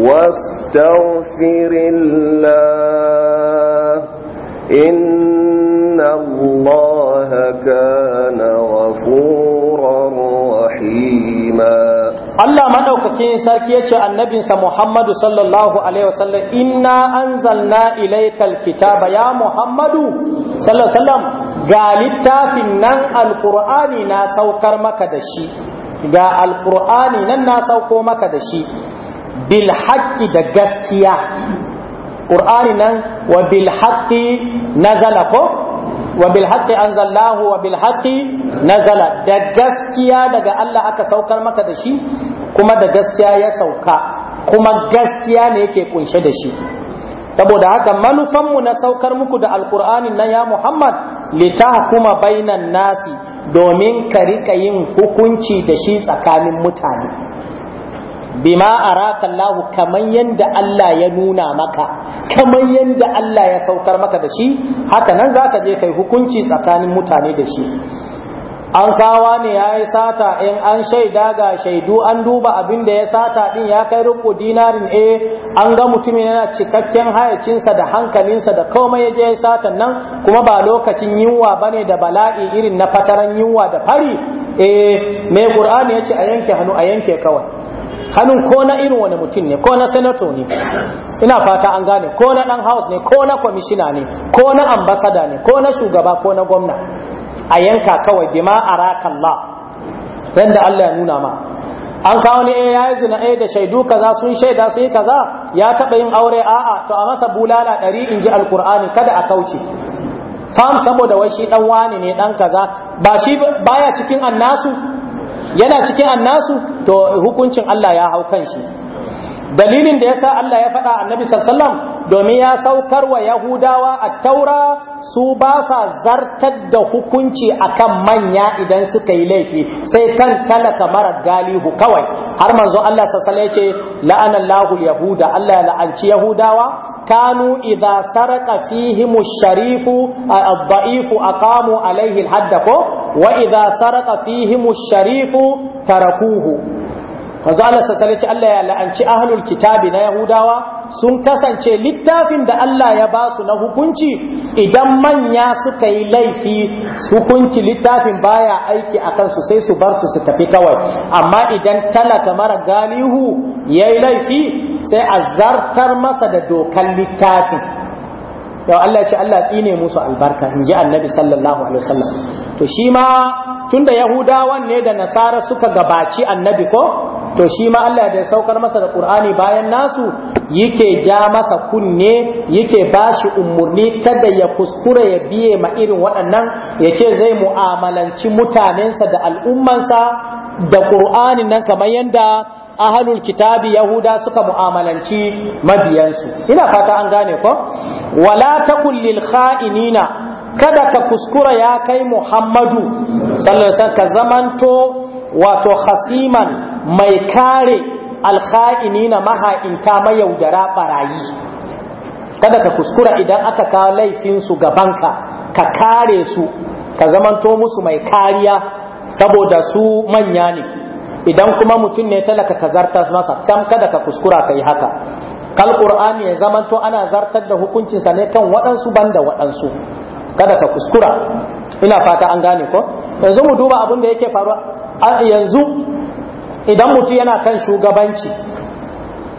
واستغفر الله إن الله كان غفورا رحيما Allah madaukakin sarki yace annabinsa Muhammadu sallallahu alaihi wasallam inna anzalna ilaykal Muhammadu sallallahu alaihi wasallam ga littafin nan alqur'ani na saukar maka da shi ga alƙur'ani nan na sauko maka da shi bil haƙƙi da gaskiya ƙur'ani nan wa bil haƙƙi nazala ko wa bil haƙƙi anzallahu wa bil haƙƙi nazala da gaskiya daga Allah aka saukar maka da shi kuma da gaskiya ya sauka kuma gaskiya ne yake kunshe da shi saboda haka manufanmu na saukar muku da alkur'ani nan ya muhammad litahkuma bainan nasi domin ka rika yin hukunci da shi tsakanin mutane bima araka Allah kaman yanda Allah ya nuna maka kaman yanda Allah ya saukar maka da shi haka nan zaka je kai hukunci tsakanin mutane da shi an kawa ne ya yi sata in an shaida ga shaidu an duba abin da ya sata din ya kai rubu dinarin e an ga mutumin yana cikakken hayacinsa da hankalinsa da komai ya je ya sata nan kuma ba lokacin yunwa ne da bala'i irin na fataran yunwa da fari a e, mai ya ce a yanke hannu a yanke kawai hannun ko na irin wani mutum ne ko na senato ne ina fata an gane ko na dan house ne ko na kwamishina ne ko na ambasada ne ko na shugaba ko na gwamna a yanka kawai bima arakallah yanda Allah ya nuna ma an kawo ni eh, ya yi zina eh, da shaidu kaza sun shaida sun yi kaza ya taɓa yin aure a'a to a masa bulala ɗari in ji alkur'ani kada a kauce Fam saboda wai shi ɗan wani ne ɗan kaza ba shi baya cikin annasu yana cikin annasu to hukuncin Allah ya hau kan shi dalilin da ya sa Allah ya faɗa annabi sallallahu alaihi domin ya saukar wa yahudawa a taura su ba sa zartar da hukunci akan manya idan suka yi laifi sai kan talaka mara galihu kawai har manzo Allah sassale ce la'anallahu yahuda Allah ya la'anci yahudawa kanu idza saraka fihim sharifu ad-da'ifu aqamu alaihi al-hadda ko wa idza saraka fihim sharifu tarakuhu manzo Allah sallallahu alaihi Allah ya la'anci ahlul kitabi na yahudawa sun kasance littafin da Allah ya ba su na hukunci idan manya suka yi laifi hukunci littafin baya aiki a kansu sai su bar su su tafi kawai amma idan talaka mara galihu yayi laifi sai a zartar masa da dokan littafin yau Allah ce Allah tsine musu albarka in ji annabi sallallahu alaihi wasallam to shi ma tunda yahudawan ne da nasara suka gabaci annabi ko to shi ma Allah da saukar masa da Qur'ani bayan nasu yake ja masa kunne yake bashi umurni kada ya kuskure ya biye ma irin waɗannan yace zai mu'amalanci mutanensa da al'ummansa da ƙur'ani nan kamar yanda ahalul kitabi yahuda suka mu'amalanci mabiyansu ina fata an gane ko wala takul lil kha'inina kada ka kuskura ya kai muhammadu sallallahu alaihi ka zamanto wato hasiman mai kare alkha'inina maha'inta yaudara barayi kada ka kuskura idan aka kawo laifinsu gabanka ka kare su ka zamanto musu mai kariya saboda su manya ne idan kuma mutum ne talaka ka zartas masa can kada ka kuskura ka yi haka kal qur'ani ya zamanto ana zartar da hukuncinsa ne kan waɗansu banda waɗansu kada ta kuskura ina fata an gane ko yanzu mu duba abin da yake faruwa yanzu idan mutu yana kan shugabanci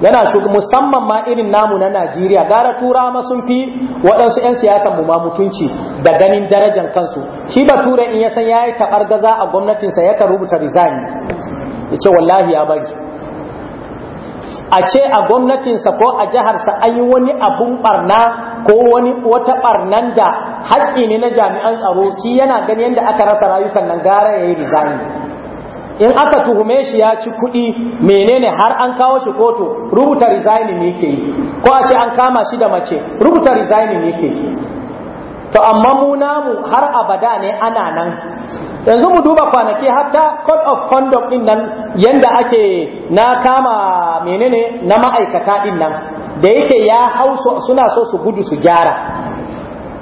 yana musamman ma irin namu na Najeriya gara tura ma sun fi waɗansu 'yan siyasan mu ma mutunci da ganin darajar kansu shi ba tura in ya san ya yi taɓar gaza a gwamnatinsa ya ka rubuta resign ya ce wallahi ya bari a ce a gwamnatinsa ko a jiharsa an yi wani abun barna ko wani wata barnan da haƙƙi ne na jami'an tsaro shi yana gani yadda aka rasa rayukan nan gara ya yi rizani in aka tuhume shi ya ci kuɗi menene har an kawo shi kotu rubuta rizani ne ke yi ko a ce an kama shi da mace rubuta rizani ne ke yi to amma mu namu har abada ne ana nan yanzu mu duba kwanaki hatta code of conduct din nan yanda ake na kama menene na ma'aikata din nan da yake ya hau suna so su gudu su gyara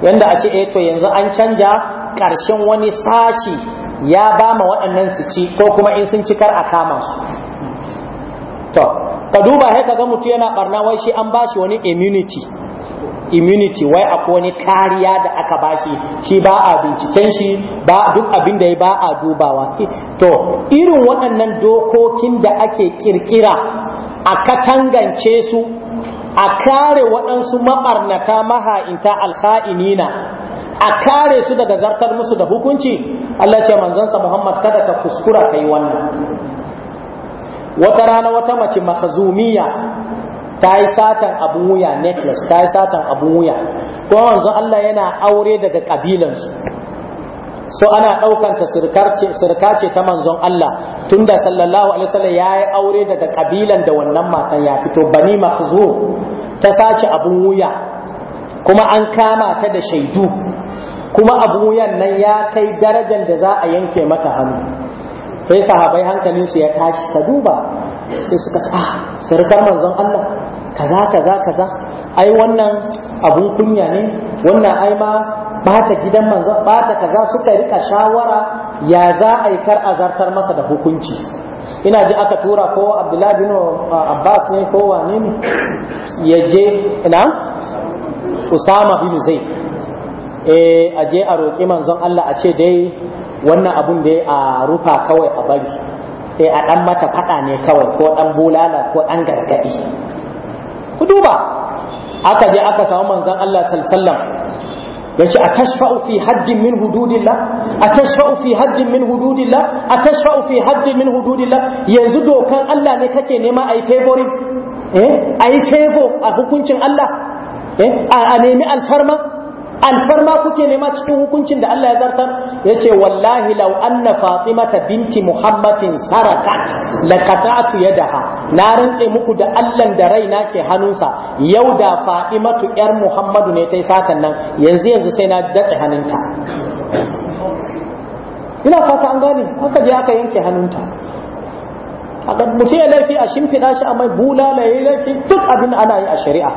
yanda a ce eh to yanzu an canja ƙarshen wani sashi ya ba ma waɗannan su ci ko kuma in sun ci kar a kama su to ka duba sai ga mutu yana barna wai shi an bashi wani immunity immunity wai akwai wani kariya da aka bashi shi ba a binciken shi ba duk abin da ya ba a dubawa to irin waɗannan dokokin da ake kirkira a katangance su a kare waɗansu maɓarnata maha'inta alha'inina a kare su daga zartar musu da hukunci Allah ce manzansa Muhammad kada ka kuskura kai wannan wata rana wata mace mahazumiya ta yi satan abun wuya necklace ta yi satan abun wuya kuma wanzu Allah yana aure daga kabilansu so ana ɗaukanta sirka ce ta manzon Allah tunda sallallahu alaihi wasallam ya yi aure daga kabilan da wannan matan ya fito bani mafzu ta sace abun wuya kuma an kama ta da shaidu kuma abun wuyan nan ya kai darajar da za a yanke mata hannu sai sahabai hankalinsu ya tashi ka duba sai suka ce ah sarkar manzon Allah kaza kaza kaza ai wannan abun kunya ne wannan ai ma bata gidan manzon bata kaza suka rika shawara ya za a yi kar azartar masa da hukunci ina ji aka tura ko abdullahi bin abbas ne ko wani ne ya je ina usama bin zaid eh a a roƙi manzon Allah a ce dai wannan abun da ya a rufa kawai a bari sai a ɗan mata faɗa ne kawai ko ɗan bulala ko ɗan gargaɗi ku duba aka je aka samu manzon Allah sallallahu ya ce a tashfa'u fi haddin min hududillah a tashfa'u fi haddin min hududillah a tashfa'u fi haddin min hududillah yanzu dokan Allah ne kake nema a yi favorin eh a yi favor a hukuncin Allah eh a nemi alfarma alfarma kuke nema cikin hukuncin da Allah ya zartar ya ce wallahi lau anna fatimata binti muhammadin sarakat ya yadaha na rantse muku da Allah da raina ke hannunsa yau da fatimatu yar muhammadu ne ta yi satan nan yanzu yanzu sai na datse hannunta ina fata an gane aka je aka yanke hannunta mutum ya laifi a shimfiɗa shi a mai bulala ya yi laifi duk abin ana yi a shari'a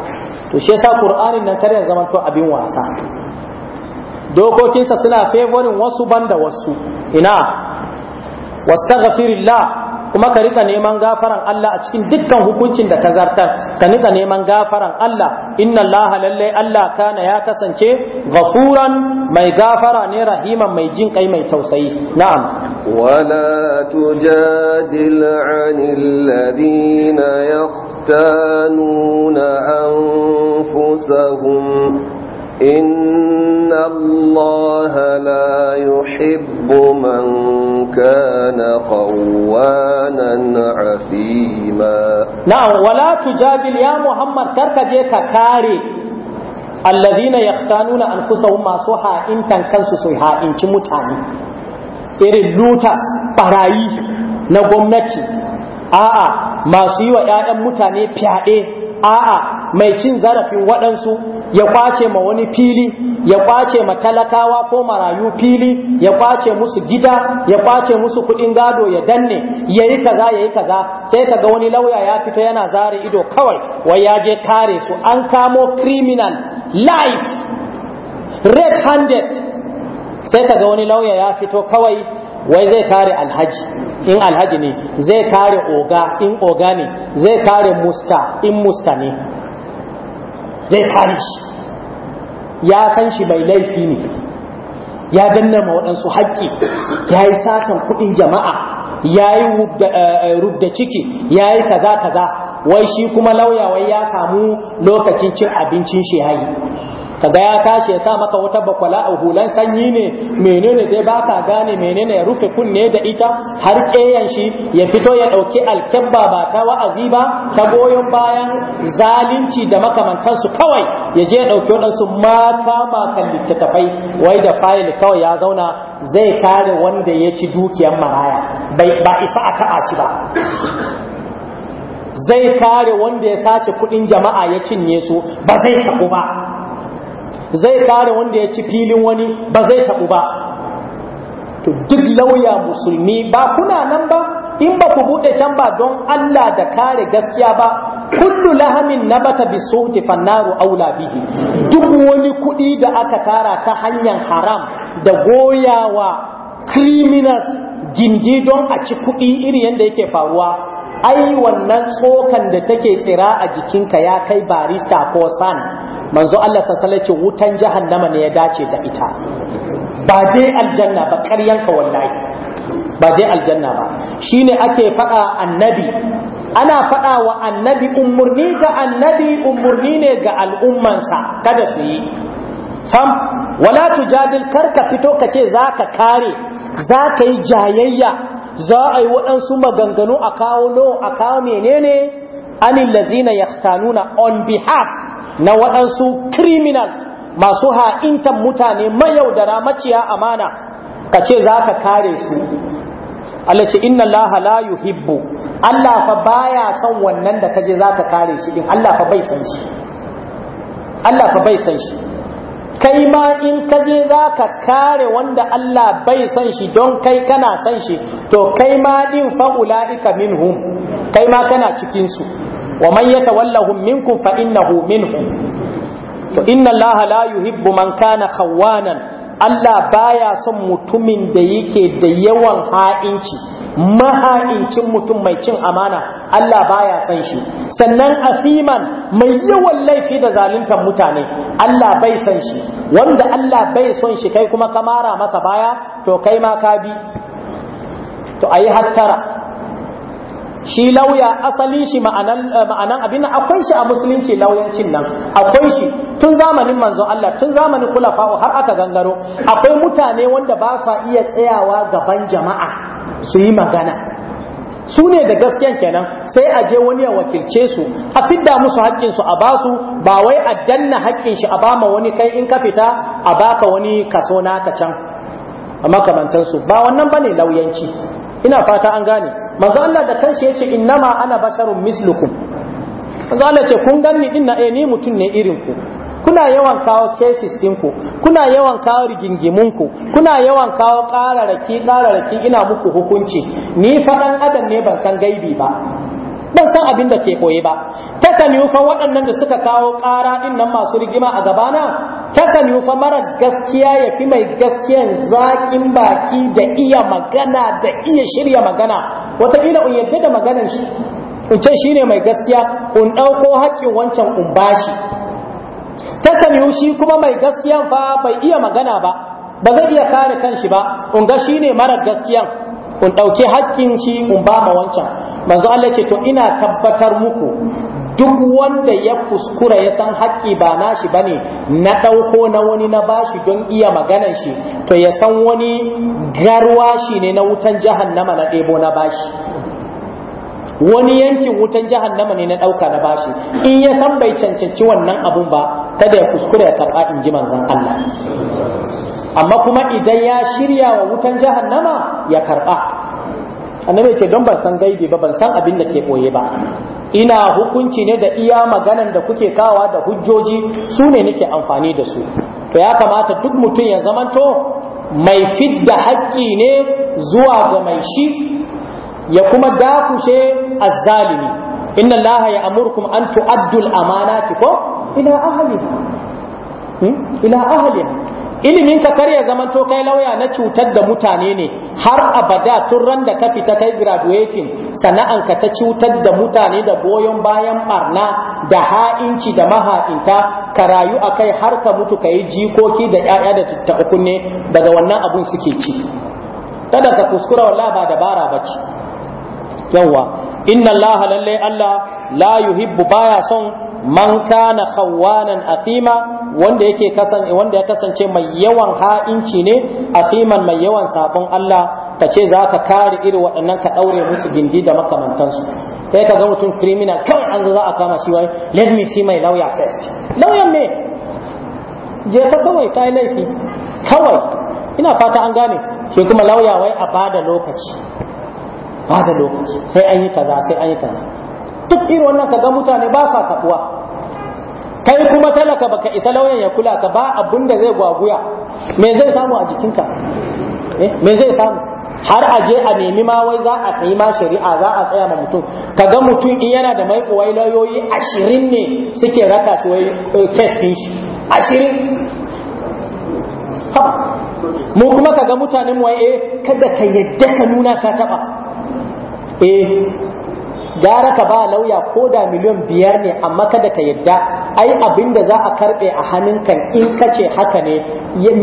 to shi yasa ƙur'anin nan kare zaman to abin wasa dokokinsa suna favorin wasu ban da wasu ina wastaghfirillah kuma ka rika neman gafaran Allah a cikin dukkan hukuncin da ka zartar ka rika neman gafaran Allah inna Allah lallai Allah kana ya kasance ghafuran mai gafara ne rahiman mai jin kai mai tausayi na'am wala tujadil 'anil ladina yahtanuna anfusahum إن الله لا يحب من كان خوانا عثيما نعم ولا تجادل يا محمد كركجيك كاري الذين يختانون أنفسهم ما سوحا إن كان كنسو سوحا إن كمتاني إري لوتاس برايي na gwamnati a'a masu yi wa 'ya'yan mutane fyaɗe a'a mai cin zarafin waɗansu ya kwace ma wani fili ya kwace ma talakawa ko marayu fili ya kwace musu gida ya kwace musu kuɗin gado ya danne ya yi kaza ya yi kaza sai kaga wani lauya ya fito yana zare ido kawai wai ya je kare su an kamo criminal life red handed sai kaga wani lauya ya fito kawai wai zai kare alhaji in alhaji ne zai kare oga in oga ne zai kare muska in muska ne zai kare shi ya san shi mai laifi ne ya danna ma waɗansu haƙƙi ya yi satan kuɗin jama'a ya yi rubda eh, eh, ciki ya yi kaza kaza wai shi kuma lauya wai ya samu lokacin cin abincin shi ya yi kaga ya kashi ya sa maka wata bakwala a hulan sanyi ne menene dai baka gane menene ya rufe kunne da ita har keyan shi ya fito ya dauki alkebba ba ta wa'azi ba ta goyon bayan zalunci da makamantansu kawai ya je ya dauki wadansu mata matan littattafai wai da fayil kawai ya zauna zai kare wanda ya ci dukiyar maraya bai ba isa a ta'a shi ba zai kare wanda ya sace kudin jama'a ya cinye su ba zai tabu ba zai kare wanda ya ci filin wani ba zai taɓu ba to duk lauya musulmi ba kuna nan ba in ba ku buɗe can ba don Allah da kare gaskiya ba kullu lahamin nabata bi suhti fannaru aula bihi duk wani kuɗi da aka tara ta hanyar haram da goyawa criminals gindi don a ci kuɗi iri yadda yake faruwa ai wannan tsokan da take tsira a jikinka ya kai barista ko san manzo Allah sassalace wutan jahannama ne ya dace da ita ba dai aljanna ba karyanka wallahi ba dai aljanna ba shine ake faɗa annabi ana faɗa wa annabi umurni ga annabi umarni ne ga al'ummansa kada su yi sam wala tujadil karka fito kace zaka kare zaka yi jayayya za a yi waɗansu maganganu a kawo a kawo menene Anin lazina yahtanuna on behalf na waɗansu criminals masu ha'intan mutane mayaudara maciya amana ka ce za ka kare su Allah ce inna Allah la yuhibbu Allah fa baya son wannan da kaje za ka kare shi din Allah fa bai san shi Allah fa bai san shi kai ma in ka je za ka kare wanda Allah bai son shi don kai kana san shi to kai ma din fa'ula'ika minhum kai ma kana cikinsu wa man yatawallahum minkum fa innahu minhum to inna Allah la yuhibbu man kana khawanan Allah baya son mutumin da yake da yawan ha'inci maha'incin mutum mai cin amana Allah baya san shi sannan asiman mai yawan laifi da zaluntar mutane Allah bai san shi wanda Allah bai son shi kai kuma ka mara masa baya to kai ma ka bi to ayi hattara shi lauya asalin shi ma'anan eh, abin akwai shi a musulunci lauyancin nan akwai shi tun zamanin manzon Allah tun zamanin kulafa'u har aka gangaro akwai mutane wanda ba sa iya tsayawa gaban jama'a su yi magana su ne da gaskiyan kenan sai a je wani ya wakilce su a fidda musu haƙƙin su a su ba wai a danna haƙƙin shi a ba ma wani kai in ka fita a baka wani kaso naka can a makamantansu ba wannan bane lauyanci ina fata an gane manzo Allah da kanshi yace innama ana basharun mislukum manzo Allah ce kun ganni din na eh ni mutum ne irin ku kuna yawan kawo cases ɗinku kuna yawan kawo rigingimun ku kuna yawan kawo ƙararraki ƙararraki ina muku hukunci ni faɗan adam ne ban san gaibi ba ban san abin da ke koye ba takan yufa waɗannan da suka kawo ƙara ɗin nan masu rigima a gabana takan yufa mara gaskiya ya fi mai gaskiyan zaƙin baki da iya magana da iya shirya magana wataƙila in yadda da maganar shi in ce shi mai gaskiya in ɗauko haƙƙin wancan in bashi takan shi kuma mai gaskiyan fa bai iya magana ba ba zai iya kare kanshi ba in ga shi ne mara gaskiyan kun ɗauki hakkin shi kun ba ma wancan manzo Allah ce to ina tabbatar muku duk wanda ya kuskura ya san hakki ba nashi bane na ɗauko na wani na bashi don iya maganan shi to ya san wani garwa shi ne na wutan jahannama na ɗebo na bashi wani yankin wutan jahannama ne na ɗauka na bashi in ya san bai cancanci wannan abun ba kada ya kuskura ya karɓa in ji manzon Allah amma kuma idan ya shirya wa wutan jahannama ya karɓa annabi ce don ban san gaibi ba ban san abin da ke ɓoye ba ina hukunci ne da iya maganan da kuke kawa da hujjoji su ne nake amfani da su to ya kamata duk mutum ya zamanto mai fidda haƙƙi ne zuwa ga mai shi ya kuma dakushe azzalimi inna allaha ya amurkum an tu'addu al-amanati ko ila ahliha hmm? ila ahliha ilimin ka karya zaman to kai lauya na cutar da mutane ne har abada tun ran da ka fita kai graduating sana'an ka ta cutar da mutane da goyon bayan barna da ha'inci da maha'inta ka rayu akai har ka mutu ka yi jikoki da 'ya'ya da tattaɓa ne daga wannan abun suke ci kada ka kuskura wallahi ba dabara bace yawa inna allaha lalle allah la yuhibbu baya son man kana khawanan afima wanda yake kasan wanda ya kasance mai yawan ha'inci ne afiman mai yawan sabon Allah ka ce za ka kare irin waɗannan ka ɗaure musu gindi da makamantansu sai ka ga mutum criminal kawai an za a kama shi wai let me see my lawyer first lawyer me je ka kawai kai laifi kawai ina fata an gane ke kuma lawyer wai a bada lokaci bada lokaci sai an yi kaza sai an yi kaza duk irin wannan ga mutane ba sa kafuwa kai kuma talaka baka isa lauyan ya kula ka ba abun da zai gwaguya me zai samu a jikinka eh, me zai samu har a je a nemi ma wai za a sayi ma shari'a za a tsaya ma mutum ka ga mutum in yana da maiko wai lauyoyi ashirin ne suke raka shi wai kes eh, din shi ashirin mu kuma ga mutanen mu wai eh kada ka yadda ka nuna ka taba eh gyara ka ba lauya ko da miliyan biyar ne amma kada ka yadda ai abin da za a karbe a hannunkan in ka ce haka ne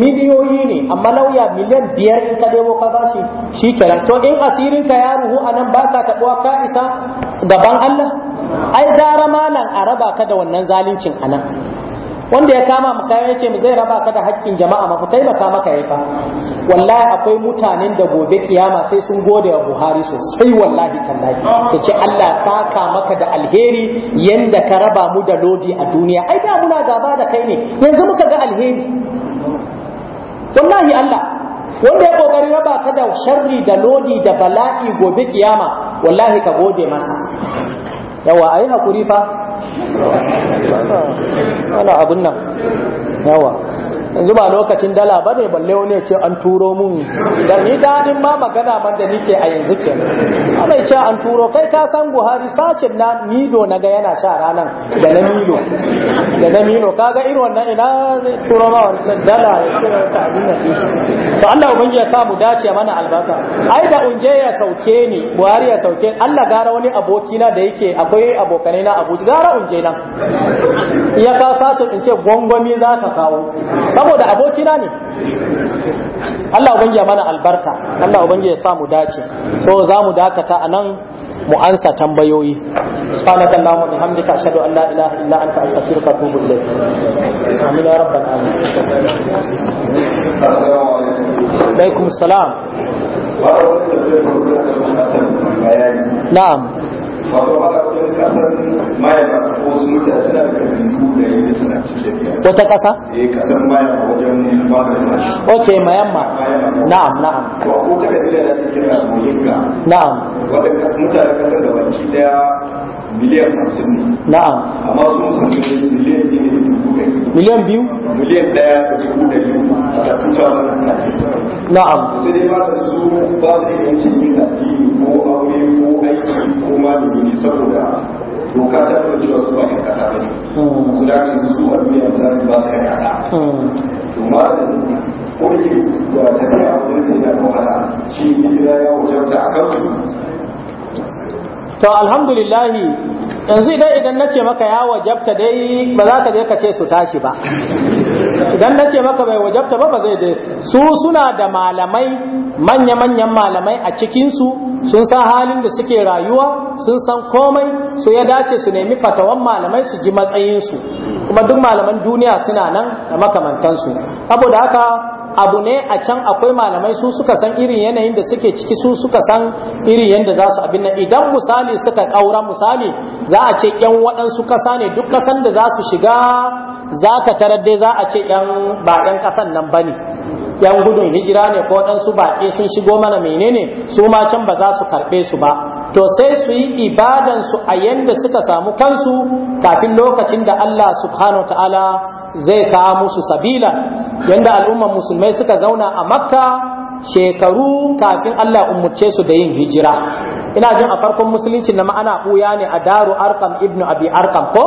miliyoyi ne amma lauya miliyan biyar in ka debo ka ba shi shi kenan to in asirin ka ya ruhu a nan ba ka taɓuwa ka isa gaban Allah ai gara malam a raba ka da wannan zaluncin a nan wanda ya kama mu kayan yace mu zai raba ka da haƙƙin jama'a ma ku taimaka maka yafa wallahi akwai mutanen da gobe kiyama sai sun gode wa Buhari sosai wallahi tallahi ce Allah saka maka da alheri yanda ka raba mu da lodi a duniya ai da muna gaba da kai ne yanzu muka ga alheri wallahi Allah wanda ya kokari raba ka da sharri da lodi da bala'i gobe kiyama wallahi ka gode masa yawa ayi hakuri fa ana abun nan yawa yanzu ba lokacin dala ba ne balle wani ce an turo mun da ni daɗin ma magana man da nike a yanzu ke ana ce an turo kai ka san buhari sacin na nido na ga yana sha ranan da na milo da na milo kaga irin wannan ina turo ma wannan dala ya ce ta abin na shi to Allah ubangi ya samu dace mana albarka ai da unje ya sauke ni buhari ya sauke Allah gara wani aboki na da yake akwai abokanai na abuji gara unje na ya ka sacin in ce gwangwami za ka kawo saboda abokina ne Allah ubangi ya mana albarka Allah ubangi ya samu dace so za mu dakata a nan mu ansa tambayoyi subhanaka allahumma bihamdika ashhadu an la ilaha illa anta astaghfiruka wa atubu ilayk amin ya rabbal alamin assalamu alaikum alaikum assalam na'am wata ƙasa? Eh, ok mayamma na'am na'am na'am mutane da baki daya miliyan ne na'am amma su miliyan biyu ne miliyan biyu miliyan daya da dubu da biyu a tafuta wannan Na. na'am sai dai ba su ba su yanci yin addini ko aure ko aiki malami saboda doka ta ɗauki cewa ba ƙasa ba ne hmm. su hmm. da su a ba ƙasa to tafiya a shi ya wajen ta a kansu to yanzu idan idan na ce maka ya wajabta dai ba za ka je ka ce su tashi ba idan na ce maka bai wajabta ba ba zai je su suna da malamai manya-manyan malamai a cikinsu sun san halin da suke rayuwa sun san komai su ya dace su nemi fatawan malamai su ji matsayinsu kuma duk malaman duniya suna nan da makamantansu da haka abu ne a can akwai malamai su suka san irin yanayin da suke ciki su suka san irin yanda za su abin nan idan misali suka kaura misali za a ce yan waɗansu ƙasa ne duk ƙasan da za su shiga za ka tarar dai za a ce yan ba yan ƙasan nan ba ne yan gudun hijira ne ko waɗansu baƙi sun shigo mana menene su ma can ba za su karɓe su ba to sai su yi ibadansu a yanda suka samu kansu kafin lokacin da Allah subhanahu ta'ala zai kawo musu sabila yanda al'ummar musulmai suka zauna a makka shekaru kafin Allah umurce su da yin hijira ina jin a farkon musulunci na ma'ana ɓuya ne a daru arkam ibnu abi arkam ko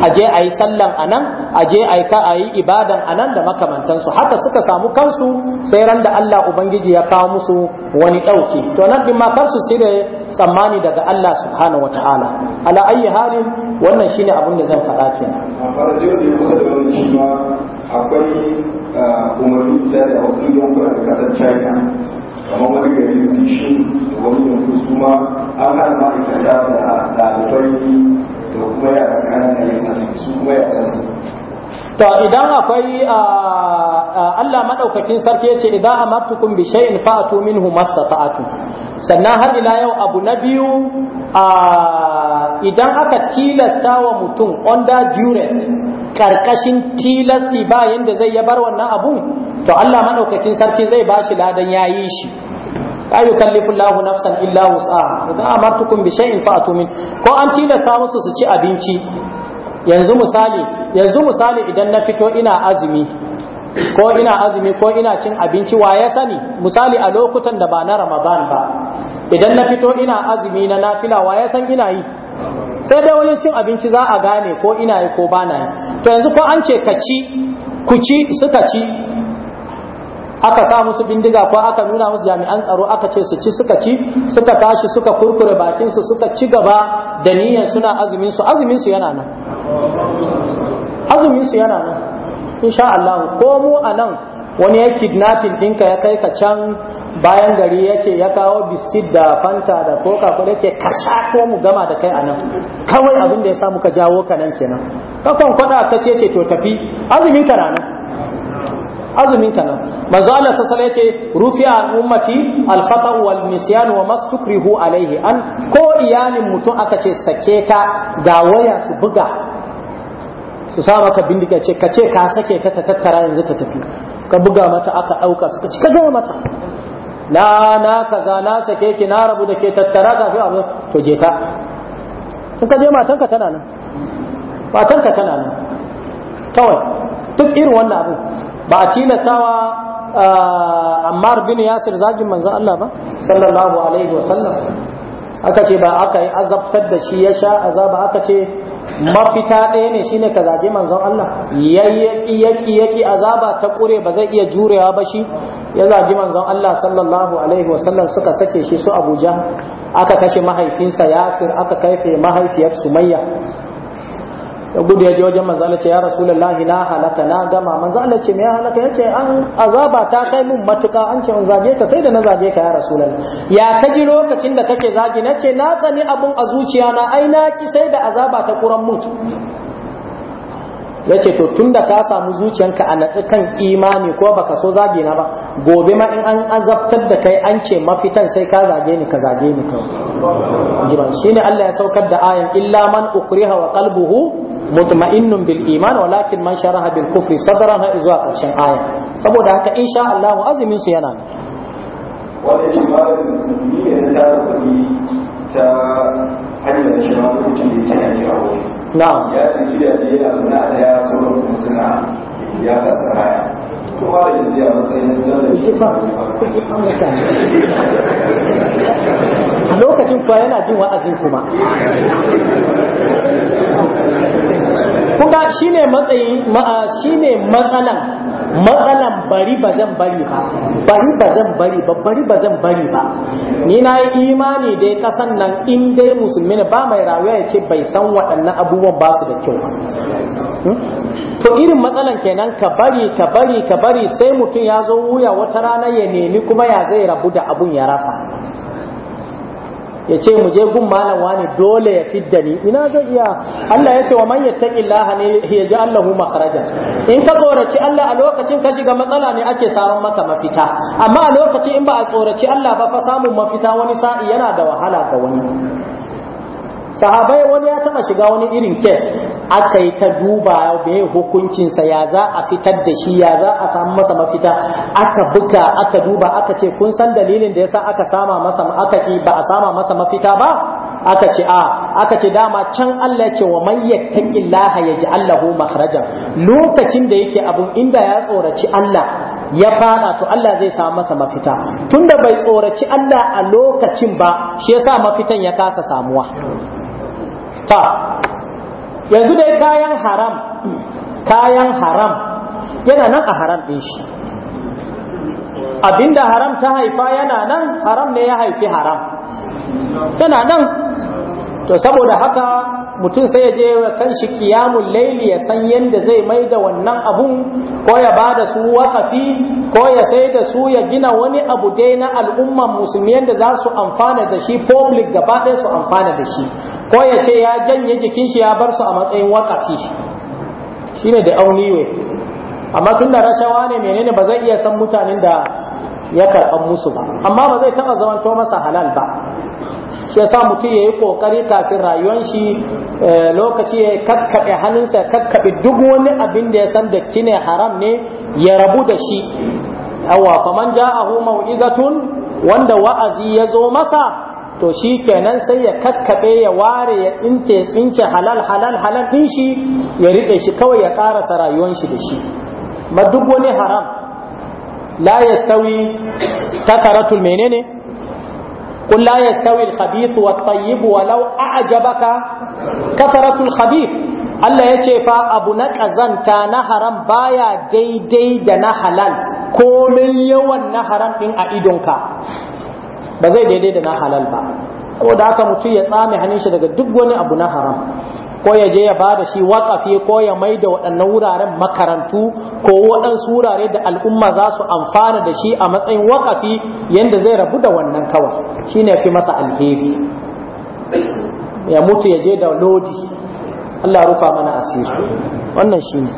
a je a yi sallan a nan a je a yi ibadan a nan da makamantansu haka suka samu kansu sai ran da Allah ubangiji ya kawo musu wani ɗauki to nan ɗin ma su cire tsammani daga Allah subhanahu wa ta'ala ala ayyi halin wannan shine abin da zan faɗa kenan umarni ta da wasu yankuna da kasar china kamar wani gari tishin da wani yankin su ma an hana ma'aikata da ɗalibai da kuma yara kayan da yin su kuma yara su to idan akwai ah, Allah maɗaukakin sarki yace idza amartukum bi shay'in fa'tu minhu mastata'tu sannan har ila yau abu na biyu idan aka tilasta wa mutum under duress karkashin tilasti ba yanda zai ya bar wannan abun to Allah maɗaukakin sarki zai bashi ladan yi shi la yukallifu Allahu nafsan illa wus'aha idan amartukum bi shay'in min ko an tilasta musu su ci abinci yanzu misali yanzu misali idan na fito ina azumi ko ina azumi ko ina cin abinci wa ya sani misali a lokutan da ba na ramadan ba idan na fito ina azumi na nafila wa ya san ina yi sai dai wani cin abinci za a gane ko ina yi ko ba na yi to yanzu ko an ce ka ci ku ci suka ci aka sa musu bindiga ko aka nuna musu jami'an tsaro aka ce su ci suka ci suka tashi suka kurkure bakinsu suka ci gaba da niyyar suna azumin su azumin su yana nan azumin su yana nan insha Allah ko mu a nan wani ya kidnapping ɗinka ya kai ka can bayan gari ya ce ya kawo biskit da fanta da coca cola ya ce ka sha ko mu gama da kai a nan kawai abin da ya sa muka jawo ka nan kenan ka kwankwada ka ce ce to tafi azumin ka nan azumin ka nan manzo Allah sallallahu ya ce rufi'a ummati al-khata wal nisyan wa mastukrihu alaihi an ko iyalin mutum aka ce sake ka ga waya su buga su sa maka bindiga ce ka ce ka sake ka ta tattara yanzu ta tafi ka buga mata aka dauka suka ci ka gaya mata na na kaza na sake ki na rabu da ke tattara kafin abu to je ka sun ka je matanka tana nan matanka tana nan kawai duk irin wannan abu ba a tilastawa ah, Ammar bin Yasir zagin manzan Allah ba sallallahu alaihi wa sallam aka ce ba aka yi azabtar da shi ya sha azaba aka ce mafita ɗaya ne shine ka zage manzon Allah yayyaki yaƙi yaki azaba ta ƙure ba zai iya jurewa ba shi ya zagi manzon Allah sallallahu alaihi wasallam suka sake shi su Abuja aka kashe mahaifinsa Yasir aka kaife mahaifiyar Sumayya ya gudu ya je wajen manzo ce ya rasulullahi na halaka na gama manzo Allah ce me ya halaka yace an azaba ta kai mun matuka an ce mun zage ka sai da na zage ka ya rasulullahi ya ji lokacin da kake zagi na ce na tsani abun a zuciya na ai na ki sai da azaba ta kuran mun yace to tunda ka samu zuciyanka a natsi kan imani ko baka so zage na ba gobe ma in an azabtar da kai an ce mafitan sai ka zage ni ka zage ni ka. jiran shine Allah ya saukar da ayan illa man ukriha wa qalbuhu mutma'innun bil iman walakin man sharaha bil kufri sadran har zuwa aya saboda haka insha Allah azumin su yana wannan jima'in ni ne na tara ta hanyar shi ma lokacin da yake a ofis na'am ya san suna da ya lokacin kuwa yana jin wa'azin kuma kuka shine shi ne matsalan matsalan bari ba zan bari ba bari ba zan bari ba bari ba zan bari ba ni na yi imani da ya kasan nan in dai musulmi ba mai rayuwa ya ce bai san waɗannan abubuwan ba su da kyau hmm? to irin matsalan kenan ka bari ka bari ka bari sai mutum ya zo wuya wata rana ya nemi kuma ya zai rabu da abun ya rasa ya ce mu je gun malam wani dole ya fidda ni ina zai iya Allah ya ce wa man Allah ne ya ji Allahu makhraja in ka tsoraci Allah a lokacin ka shiga matsala ne ake samun maka mafita amma a lokacin in ba a tsoraci Allah ba fa samun mafita wani sa'i yana da wahala ga wani sahabai wani ya taba shiga wani irin kes aka yi ta duba bai hukuncinsa ya za a fitar da shi ya za a samu masa mafita aka buga aka duba aka ce kun san dalilin da yasa aka sama masa aka ba a sama masa mafita ba aka ce a aka ce dama can Allah ce wa man yattaqillaha Allah lahu makhrajan lokacin da yake abun inda ya tsoraci Allah ya fada to Allah zai samu masa mafita tunda bai tsoraci Allah a lokacin ba shi yasa mafitan ya kasa samuwa ta yanzu dai kayan haram kayan haram yana nan a haram ɗin shi abinda haram ta haifa yana nan haram ne ya haifi haram yana nan to saboda haka mutum sai ya je kan shi kiyamun laili ya san yadda zai mai da wannan abun ko ya ba da su wakafi ko ya sai da su ya gina wani abu dai na al'umman musulmi yadda za su amfana da shi public gaba ɗaya su amfana da shi ko ya ce ya janye jikin shi ya bar su a matsayin wakafi Shi ne da auni auniwe amma tun da rashawa ne menene ba zai iya san mutanen da ya karɓan musu ba amma ba zai taɓa zamanto masa halal ba shi sa mutum ya yi kokari kafin rayuwar shi eh, lokaci ya kakkaɓe hannunsa ya kakkaɓe duk wani abin da ya san da kine haram ne ya rabu da shi yawa faman hu mau'izatun wanda wa'azi ya zo masa to shi kenan sai ya kakkaɓe ya ware ya tsince tsince halal halal halal ɗin shi ya riƙe shi kawai ya ƙarasa rayuwar shi da shi ba duk wani haram la yastawi takaratul menene قل لا يستوي الخبيث والطيب ولو أعجبك كثرة الخبيث Allah ya ce fa abu na ƙazanta na haram baya daidai da na halal komai yawan na haram ɗin a idonka ba zai daidai da na halal ba saboda haka mutum ya tsame hannun shi daga duk wani abu na haram ko ya je ya ba da shi wakafi ko ya mai da waɗannan wuraren makarantu ko waɗansu wurare da al'umma za su amfana da shi a matsayin wakafi yadda zai rabu da wannan kawai shi ne fi masa alheri ya mutu ya je da lodi Allah rufa mana asiri wannan shi ne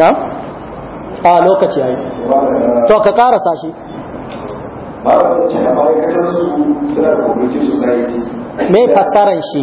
na? a lokaci ya yi to ka karasa shi me fassaran shi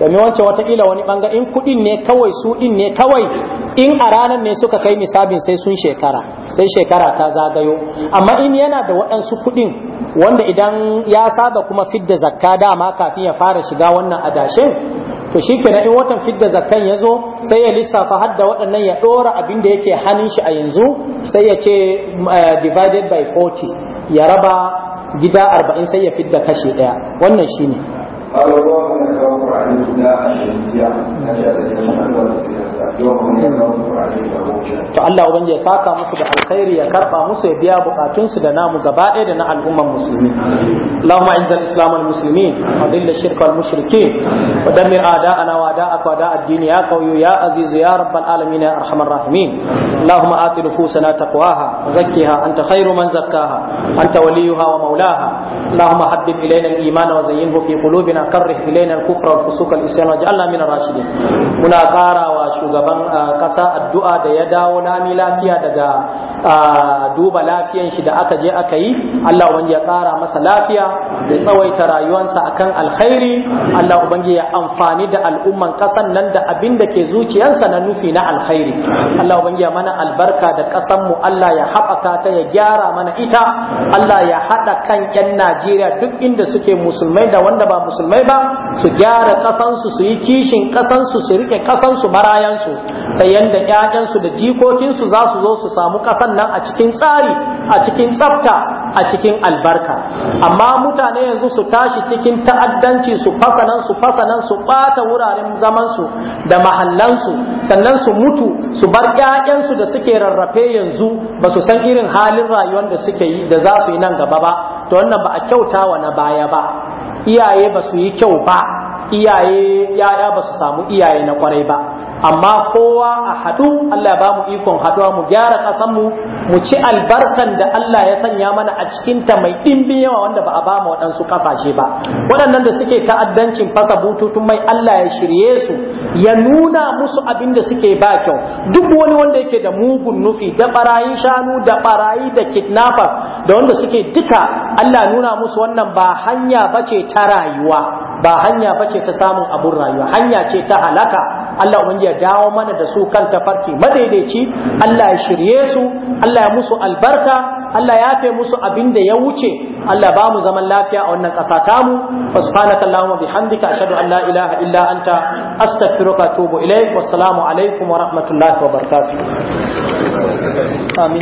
domin wancan watakila wani banga in kudin ne kawai su din ne kawai in a ranar ne suka kai misabin sai sun shekara sai shekara ta zagayo amma in yana da waɗansu kuɗin wanda idan ya saba kuma fidda zakka dama kafin ya fara shiga wannan adashin to shi kenan in watan fidda zakkan ya zo sai ya lissafa har da waɗannan ya ɗora abin da yake hannun shi a yanzu sai ya ce eh, divided by 40 ya raba gida 40 sai ya fidda kashi ɗaya wannan shine ne قال الله أنا أتوقع عليكم لا أشهد يا أشهد أن لا to Allah ubangiji ya saka musu da alkhairi ya karba musu ya biya bukatunsu da namu gaba ɗaya da na al'umman musulmi Allahumma izza al-islam wal muslimin wa dhilla shirka wal mushrikin wa dammir a'da'ana wa da'aka wa da'a ad-din ya qawiyyu ya aziz ya rabbal alamin ya arhamar rahimin Allahumma ati nufusana taqwaha wa zakkiha anta khairu man zakkaha anta waliyuha wa maulaha. Allahumma habbib ilayna al-iman wa zayyinhu fi qulubina karrih ilayna al-kufra wal fusuq wal isyan waj'alna min ar-rashidin muna qara wa shugaban kasa ah, addu'a da ya dawo nami lafiya daga ah, duba lafiyan shi da aka je aka yi Allah wani ya kara masa lafiya da tsawaita rayuwarsa akan alkhairi Allah ubangi ya amfani da al'umman kasan nan da abin da ke zuciyarsa na nufi na alkhairi Allah ubangi ya mana albarka da kasan mu Allah ya haɓaka ta ya gyara mana ita Allah ya haɗa kan 'yan Najeriya duk inda suke musulmai da wanda ba musulmai ba su gyara kasansu su yi kishin kasansu su rike kasansu barayan ‘ya'yansu ta yanda ‘ya'yansu da jikokinsu za su zo su samu ƙasan nan a cikin tsari a cikin tsafta a cikin albarka amma mutane yanzu su tashi cikin ta'addanci su fasanan su fasanan su ɓata wuraren zamansu da mahallansu sannan su mutu su bar ‘ya'yansu da suke rarrafe yanzu ba su san irin halin rayuwar da suke yi da za su yi nan gaba ba to wannan ba a kyauta wa na baya ba iyaye ba su yi kyau ba iyaye ya'ya ba su samu iyaye na kwarai ba amma kowa a haɗu Allah ba mu ikon haɗuwa mu gyara ƙasanmu mu ci albarkan da Allah ya sanya mana a cikinta mai ɗimbi yawa wanda ba a ba mu waɗansu ƙasashe ba waɗannan da suke ta'addancin fasa bututun mai Allah ya shirye su ya nuna musu abin da suke ba kyau duk wani wanda yake da mugun nufi da barayin shanu da barayi da kidnappers da wanda suke duka Allah nuna musu wannan ba hanya bace ta rayuwa ba hanya bace ta samun abun rayuwa hanya ce ta halaka Allah ubangiji ya dawo mana da su kan tafarki madaidaici Allah ya shirye su Allah ya musu albarka Allah ya fe musu abin da ya wuce Allah ba mu zaman lafiya a wannan ƙasa tamu fa subhanaka allahumma bihamdika ashhadu an la ilaha illa anta astaghfiruka wa atubu ilaik wassalamu alaikum wa rahmatullahi wa barakatuh amin